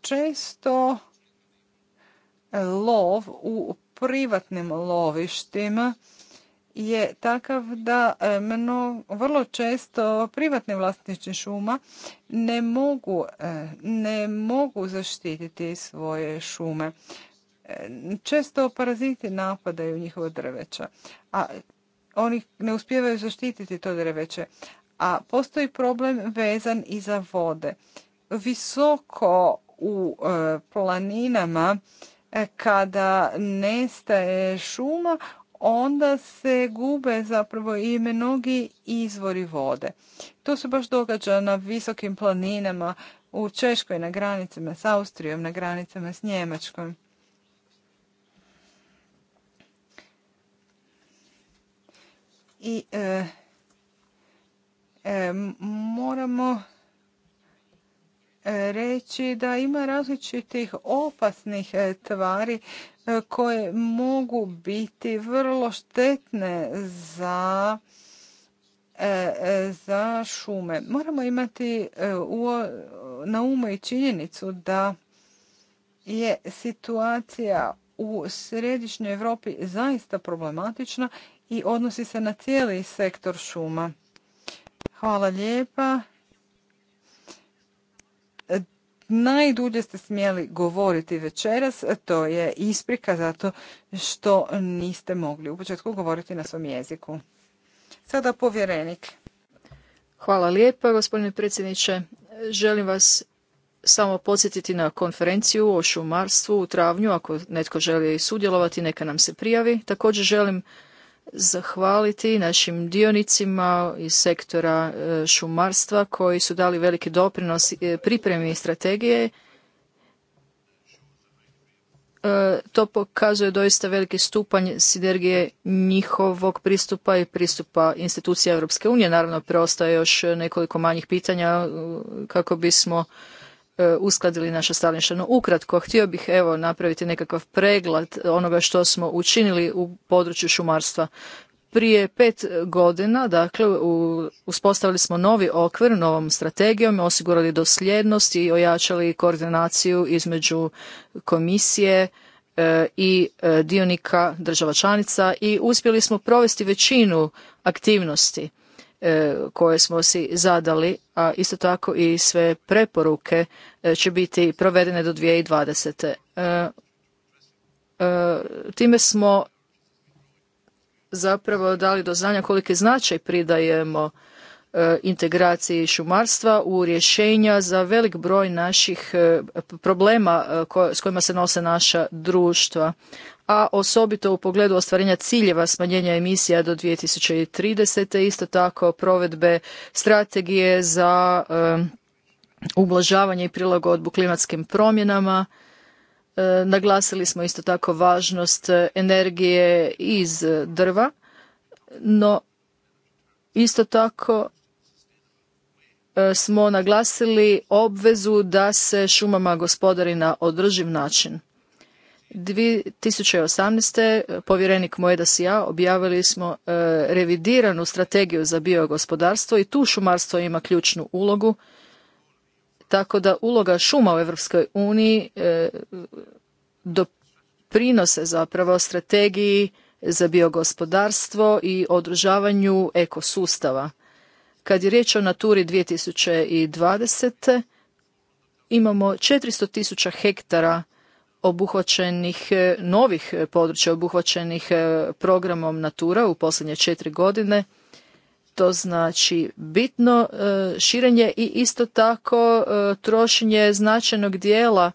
Često lov u privatnim lovištima je takav da e, vrlo često privatne vlasnici šuma ne mogu, e, ne mogu zaštititi svoje šume. E, često paraziti napadaju njihovo drveća, a oni ne uspijevaju zaštititi to drveće. A postoji problem vezan i za vode. Visoko u planinama kada nestaje šuma, onda se gube zapravo i mnogi izvori vode. To se baš događa na visokim planinama u Češkoj, na granicama s Austrijom, na granicama s Njemačkom. I e, e, moramo reći da ima različitih opasnih e, tvari e, koje mogu biti vrlo štetne za e, za šume. Moramo imati na umu i činjenicu da je situacija u središnjoj Europi zaista problematična i odnosi se na cijeli sektor šuma. Hvala lijepa. Najdulje ste smjeli govoriti večeras, to je isprika zato što niste mogli u početku govoriti na svom jeziku. Sada povjerenik. Hvala lijepa, gospodine predsjedniče. Želim vas samo podsjetiti na konferenciju o šumarstvu u travnju. Ako netko želi sudjelovati, neka nam se prijavi. Također želim zahvaliti našim dionicima iz sektora e, šumarstva koji su dali veliki doprinos e, pripremi strategije. E, to pokazuje doista veliki stupanj sinergije njihovog pristupa i pristupa institucija Europske unije. Naravno, preostaje još nekoliko manjih pitanja kako bismo E, uskladili naša stavljeništa. No ukratko, htio bih evo napraviti nekakav pregled onoga što smo učinili u području šumarstva. Prije pet godina, dakle, uspostavili smo novi okvir, novom strategijom, osigurali dosljednost i ojačali koordinaciju između komisije, e, i e, dionika država članica i uspjeli smo provesti većinu aktivnosti E, koje smo si zadali, a isto tako i sve preporuke e, će biti provedene do 2020. E, time smo zapravo dali do znanja koliki značaj pridajemo integraciji šumarstva u rješenja za velik broj naših problema s kojima se nose naša društva a osobito u pogledu ostvarenja ciljeva smanjenja emisija do 2030. Isto tako provedbe strategije za ublažavanje i prilagodbu klimatskim promjenama. E, naglasili smo isto tako važnost energije iz drva, no isto tako e, smo naglasili obvezu da se šumama gospodari na održiv način. 2018. povjerenik Moedas i ja objavili smo e, revidiranu strategiju za biogospodarstvo i tu šumarstvo ima ključnu ulogu, tako da uloga šuma u Europskoj uniji e, doprinose zapravo strategiji za biogospodarstvo i održavanju ekosustava. Kad je riječ o Naturi 2020. imamo 400.000 tisuća hektara obuhvaćenih e, novih e, područja obuhvaćenih e, programom Natura u posljednje četiri godine. To znači bitno širenje i isto tako trošenje značajnog dijela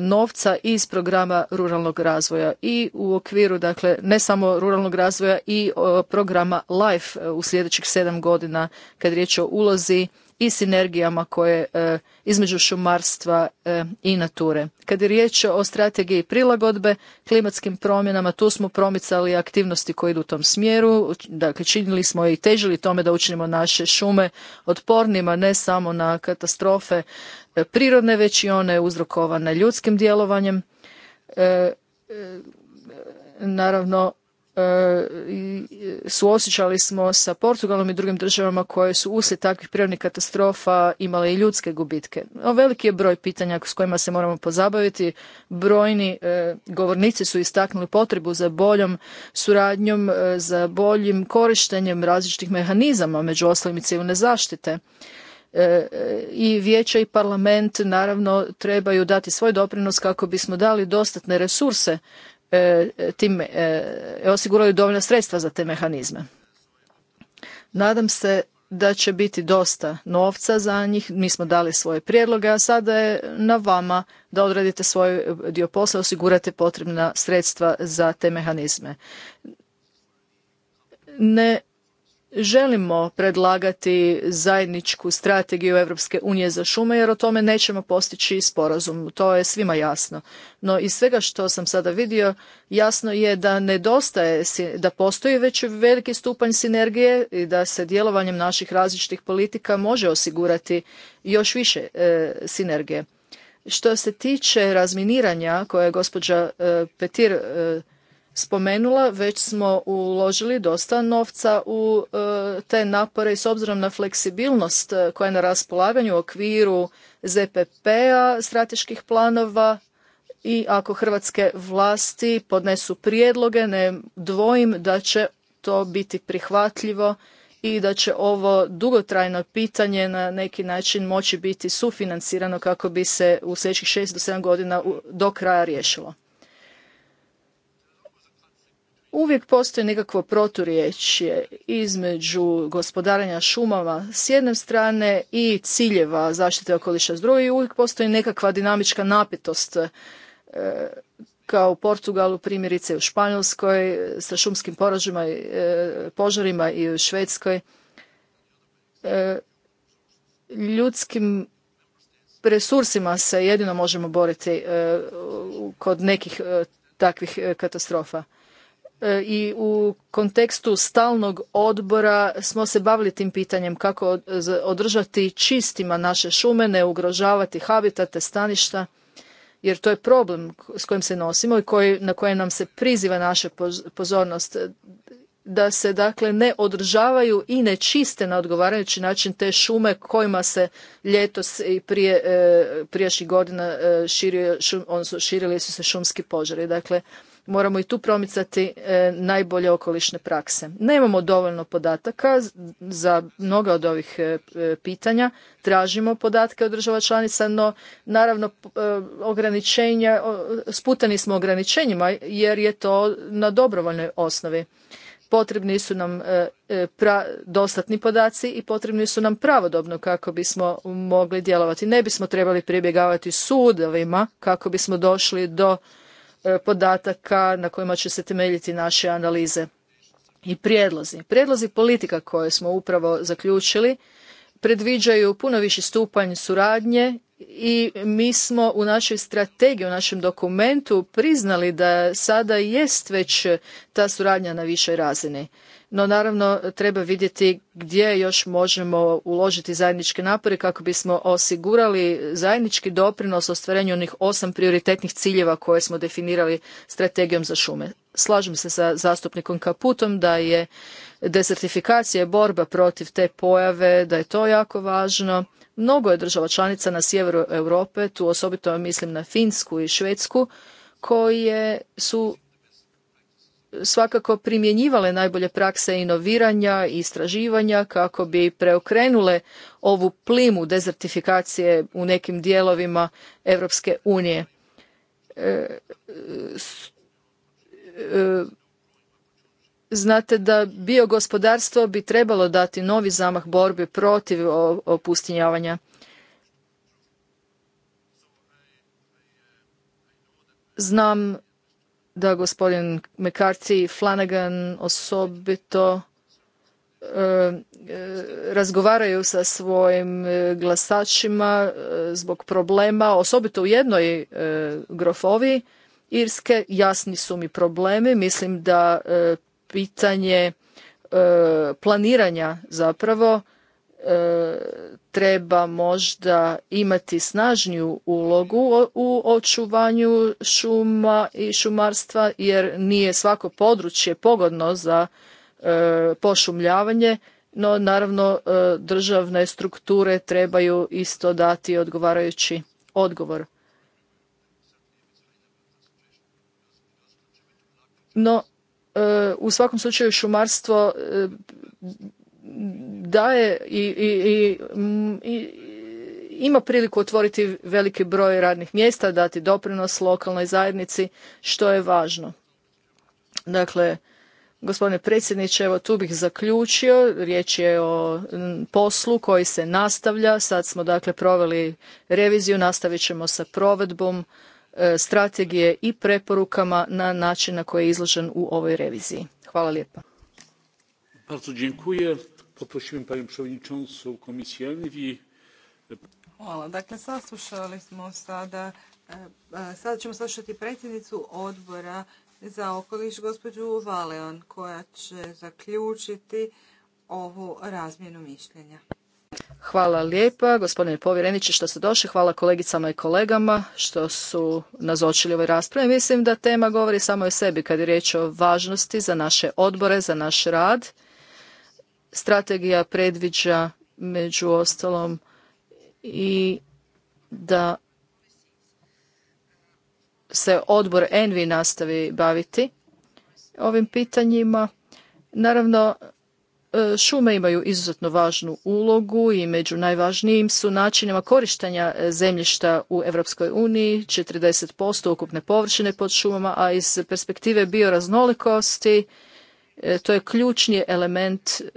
novca iz programa ruralnog razvoja i u okviru dakle ne samo ruralnog razvoja i programa LIFE u sljedećih sedam godina kad je riječ o ulozi i sinergijama koje e, između šumarstva e, i nature. Kad je riječ o strategiji prilagodbe klimatskim promjenama, tu smo promicali aktivnosti koje idu u tom smjeru, dakle činili smo i težili tome da učinimo naše šume otpornima ne samo na katastrofe e, prirodne, već i one uzrokovane ljudskim djelovanjem. Naravno, E, e, suosjećali smo sa Portugalom i drugim državama koje su uslijed takvih prirodnih katastrofa imale i ljudske gubitke. o veliki je broj pitanja s kojima se moramo pozabaviti. Brojni e, govornici su istaknuli potrebu za boljom suradnjom, za boljim korištenjem različitih mehanizama, među ostalim i civilne zaštite. I vijeće i parlament naravno trebaju dati svoj doprinos kako bismo dali dostatne resurse E, tim, e, osiguraju dovoljno sredstva za te mehanizme. Nadam se da će biti dosta novca za njih. Mi smo dali svoje prijedloge, a sada je na vama da odradite svoj dio posla, osigurate potrebna sredstva za te mehanizme. Ne želimo predlagati zajedničku strategiju Europske unije za šume jer o tome nećemo postići sporazum. To je svima jasno. No iz svega što sam sada vidio jasno je da nedostaje, da postoji već veliki stupanj sinergije i da se djelovanjem naših različitih politika može osigurati još više e, sinergije. Što se tiče razminiranja koje je gospođa e, Petir e, spomenula, već smo uložili dosta novca u e, te napore i s obzirom na fleksibilnost e, koja je na raspolaganju u okviru ZPP-a, strateških planova i ako hrvatske vlasti podnesu prijedloge, ne dvojim da će to biti prihvatljivo i da će ovo dugotrajno pitanje na neki način moći biti sufinancirano kako bi se u sljedećih 6 do 7 godina do kraja riješilo uvijek postoji nekakvo proturječje između gospodarenja šumama s jedne strane i ciljeva zaštite okoliša s druge i uvijek postoji nekakva dinamička napetost e, kao u Portugalu, primjerice u Španjolskoj, sa šumskim e, požarima i u Švedskoj. E, ljudskim resursima se jedino možemo boriti kod nekih takvih katastrofa. E, i u kontekstu stalnog odbora smo se bavili tim pitanjem kako održati čistima naše šume, ne ugrožavati habitate, staništa, jer to je problem s kojim se nosimo i na koje nam se priziva naša pozornost da se dakle ne održavaju i ne čiste na odgovarajući način te šume kojima se ljetos i prije, e, prijašnjih godina e, su, širili su se šumski požari. Dakle, moramo i tu promicati e, najbolje okolišne prakse. Nemamo dovoljno podataka za mnoga od ovih e, e, pitanja, tražimo podatke od država članica, no naravno ograničenja, sputani smo ograničenjima jer je to na dobrovoljnoj osnovi. Potrebni su nam dostatni podaci i potrebni su nam pravodobno kako bismo mogli djelovati. Ne bismo trebali pribjegavati sudovima kako bismo došli do E, podataka na kojima će se temeljiti naše analize i prijedlozi. Prijedlozi politika koje smo upravo zaključili predviđaju puno viši stupanj suradnje i mi smo u našoj strategiji, u našem dokumentu priznali da sada jest već ta suradnja na višoj razini no naravno treba vidjeti gdje još možemo uložiti zajedničke napore kako bismo osigurali zajednički doprinos ostvarenju onih osam prioritetnih ciljeva koje smo definirali strategijom za šume. Slažem se sa zastupnikom Kaputom da je desertifikacija i borba protiv te pojave, da je to jako važno. Mnogo je država članica na sjeveru Europe, tu osobito mislim na Finsku i Švedsku, koje su svakako primjenjivale najbolje prakse inoviranja i istraživanja kako bi preokrenule ovu plimu dezertifikacije u nekim dijelovima Europske unije. E, e, znate da biogospodarstvo bi trebalo dati novi zamah borbi protiv opustinjavanja. Znam da gospodin McCarthy i Flanagan osobito e, e, razgovaraju sa svojim e, glasačima zbog problema, osobito u jednoj grofovi Irske, jasni su mi problemi. Mislim da pitanje planiranja zapravo E, treba možda imati snažniju ulogu u očuvanju šuma i šumarstva jer nije svako područje pogodno za e, pošumljavanje, no naravno e, državne strukture trebaju isto dati odgovarajući odgovor. No, u svakom slučaju šumarstvo daje i, i, i ima priliku otvoriti veliki broj radnih mjesta, dati doprinos lokalnoj zajednici, što je važno. Dakle, gospodine predsjedniče, evo tu bih zaključio, riječ je o poslu koji se nastavlja, sad smo dakle proveli reviziju, nastavit ćemo sa provedbom e, strategije i preporukama na način na koji je izložen u ovoj reviziji. Hvala lijepa poprosimy panią przewodniczącą komisji envi Hvala. Dakle, saslušali smo sada, e, e, sada ćemo saslušati predsjednicu odbora za okoliš, gospođu Valeon, koja će zaključiti ovu razmjenu mišljenja. Hvala lijepa, gospodine povjereniče što ste došli, hvala kolegicama i kolegama što su nazočili ovoj raspravi. Mislim da tema govori samo o sebi kad je riječ o važnosti za naše odbore, za naš rad strategija predviđa među ostalom i da se odbor Envi nastavi baviti ovim pitanjima. Naravno, e, šume imaju izuzetno važnu ulogu i među najvažnijim su načinima korištenja zemljišta u Europskoj uniji, 40% ukupne površine pod šumama, a iz perspektive bioraznolikosti E, to je ključni element e,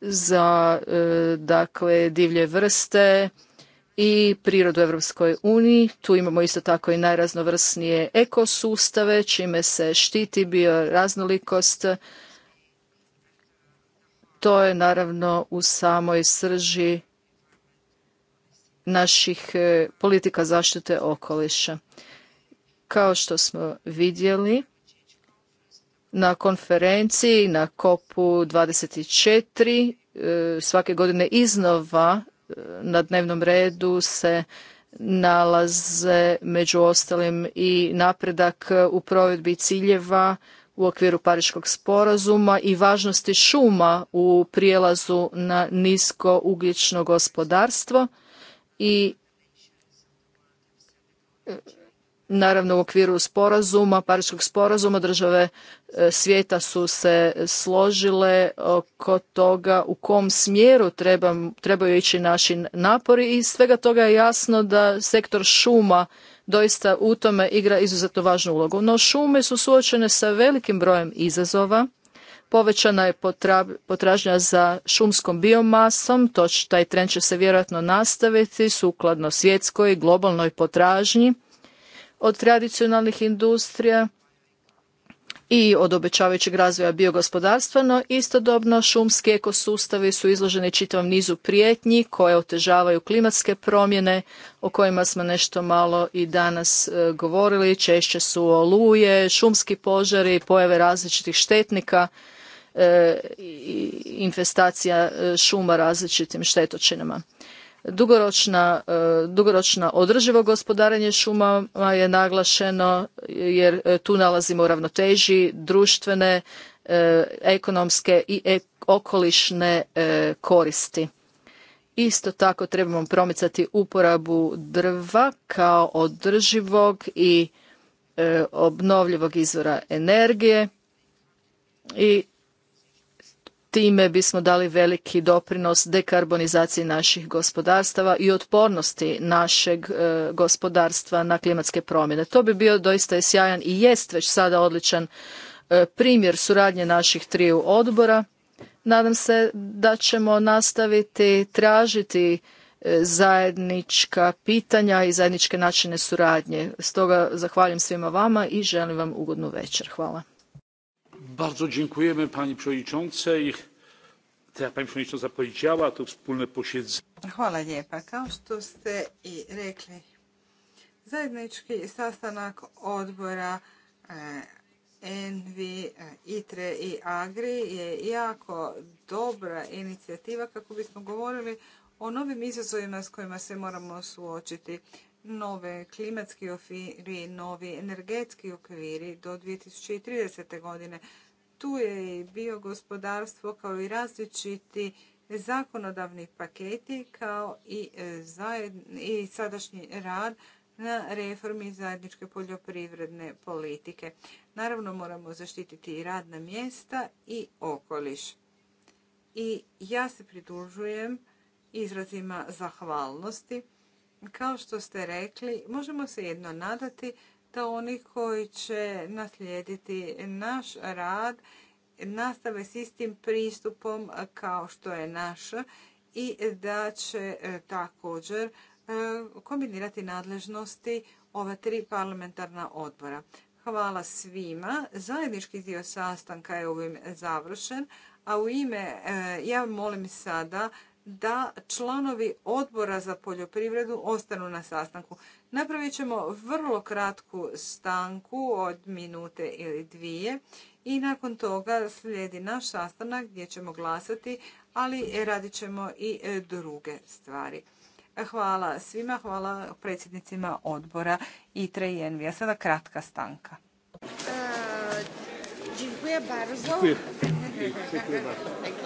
za e, dakle divlje vrste i prirodu Europskoj uniji. Tu imamo isto tako i najraznovrsnije ekosustave čime se štiti bioraznolikost. To je naravno u samoj srži naših politika zaštite okoliša. Kao što smo vidjeli, na konferenciji na kopu 24 e, svake godine iznova e, na dnevnom redu se nalaze među ostalim i napredak u provedbi ciljeva u okviru Pariškog sporazuma i važnosti šuma u prijelazu na nisko ugljično gospodarstvo i e, Naravno u okviru sporazuma, Pariškog sporazuma države e, svijeta su se složile oko toga u kom smjeru trebaju ići naši napori i svega toga je jasno da sektor šuma doista u tome igra izuzetno važnu ulogu. No šume su suočene sa velikim brojem izazova. Povećana je potražnja za šumskom biomasom, toč taj trend će se vjerojatno nastaviti sukladno svjetskoj globalnoj potražnji od tradicionalnih industrija i od obećavajućeg razvoja biogospodarstva, no istodobno šumski ekosustavi su izloženi čitavom nizu prijetnji koje otežavaju klimatske promjene o kojima smo nešto malo i danas e, govorili. Češće su oluje, šumski požari, pojave različitih štetnika e, i infestacija e, šuma različitim štetočinama. Dugoročna, e, održivo gospodarenje šumama je naglašeno jer e, tu nalazimo u ravnoteži društvene, e, ekonomske i okolišne koristi. Isto tako trebamo promicati uporabu drva kao održivog i obnovljivog izvora energije i Time bismo dali veliki doprinos dekarbonizaciji naših gospodarstava i otpornosti našeg e, gospodarstva na klimatske promjene. To bi bio doista sjajan i jest već sada odličan e, primjer suradnje naših triju odbora. Nadam se da ćemo nastaviti tražiti e, zajednička pitanja i zajedničke načine suradnje. Stoga zahvaljujem svima vama i želim vam ugodnu večer. Hvala. Bardzo dziękujemy pani przewodniczącej. Tak jak pani przewodnicząca wspólne posiedzenie. Hvala lijepa. Kao što ste i rekli, zajednički sastanak odbora Envi, eh, ITRE eh, i AGRI e je jako dobra inicijativa kako bismo govorili o novim izazovima s kojima se moramo suočiti. Nove klimatski okviri, novi energetski okviri do 2030. godine. Tu je bio gospodarstvo kao i različiti zakonodavni paketi kao i, e, i sadašnji rad na reformi zajedničke poljoprivredne politike. Naravno moramo zaštititi i radna mjesta i okoliš. I ja se pridružujem izrazima zahvalnosti. Kao što ste rekli, možemo se jedno nadati da oni koji će naslijediti naš rad nastave s istim pristupom kao što je naš i da će e, također e, kombinirati nadležnosti ova tri parlamentarna odbora. Hvala svima. Zajednički dio sastanka je ovim završen, a u ime e, ja molim sada da članovi odbora za poljoprivredu ostanu na sastanku. Napravit ćemo vrlo kratku stanku od minute ili dvije i nakon toga slijedi naš sastanak gdje ćemo glasati, ali radit ćemo i e, druge stvari. Hvala svima, hvala predsjednicima odbora i Envija. Sada kratka stanka. E,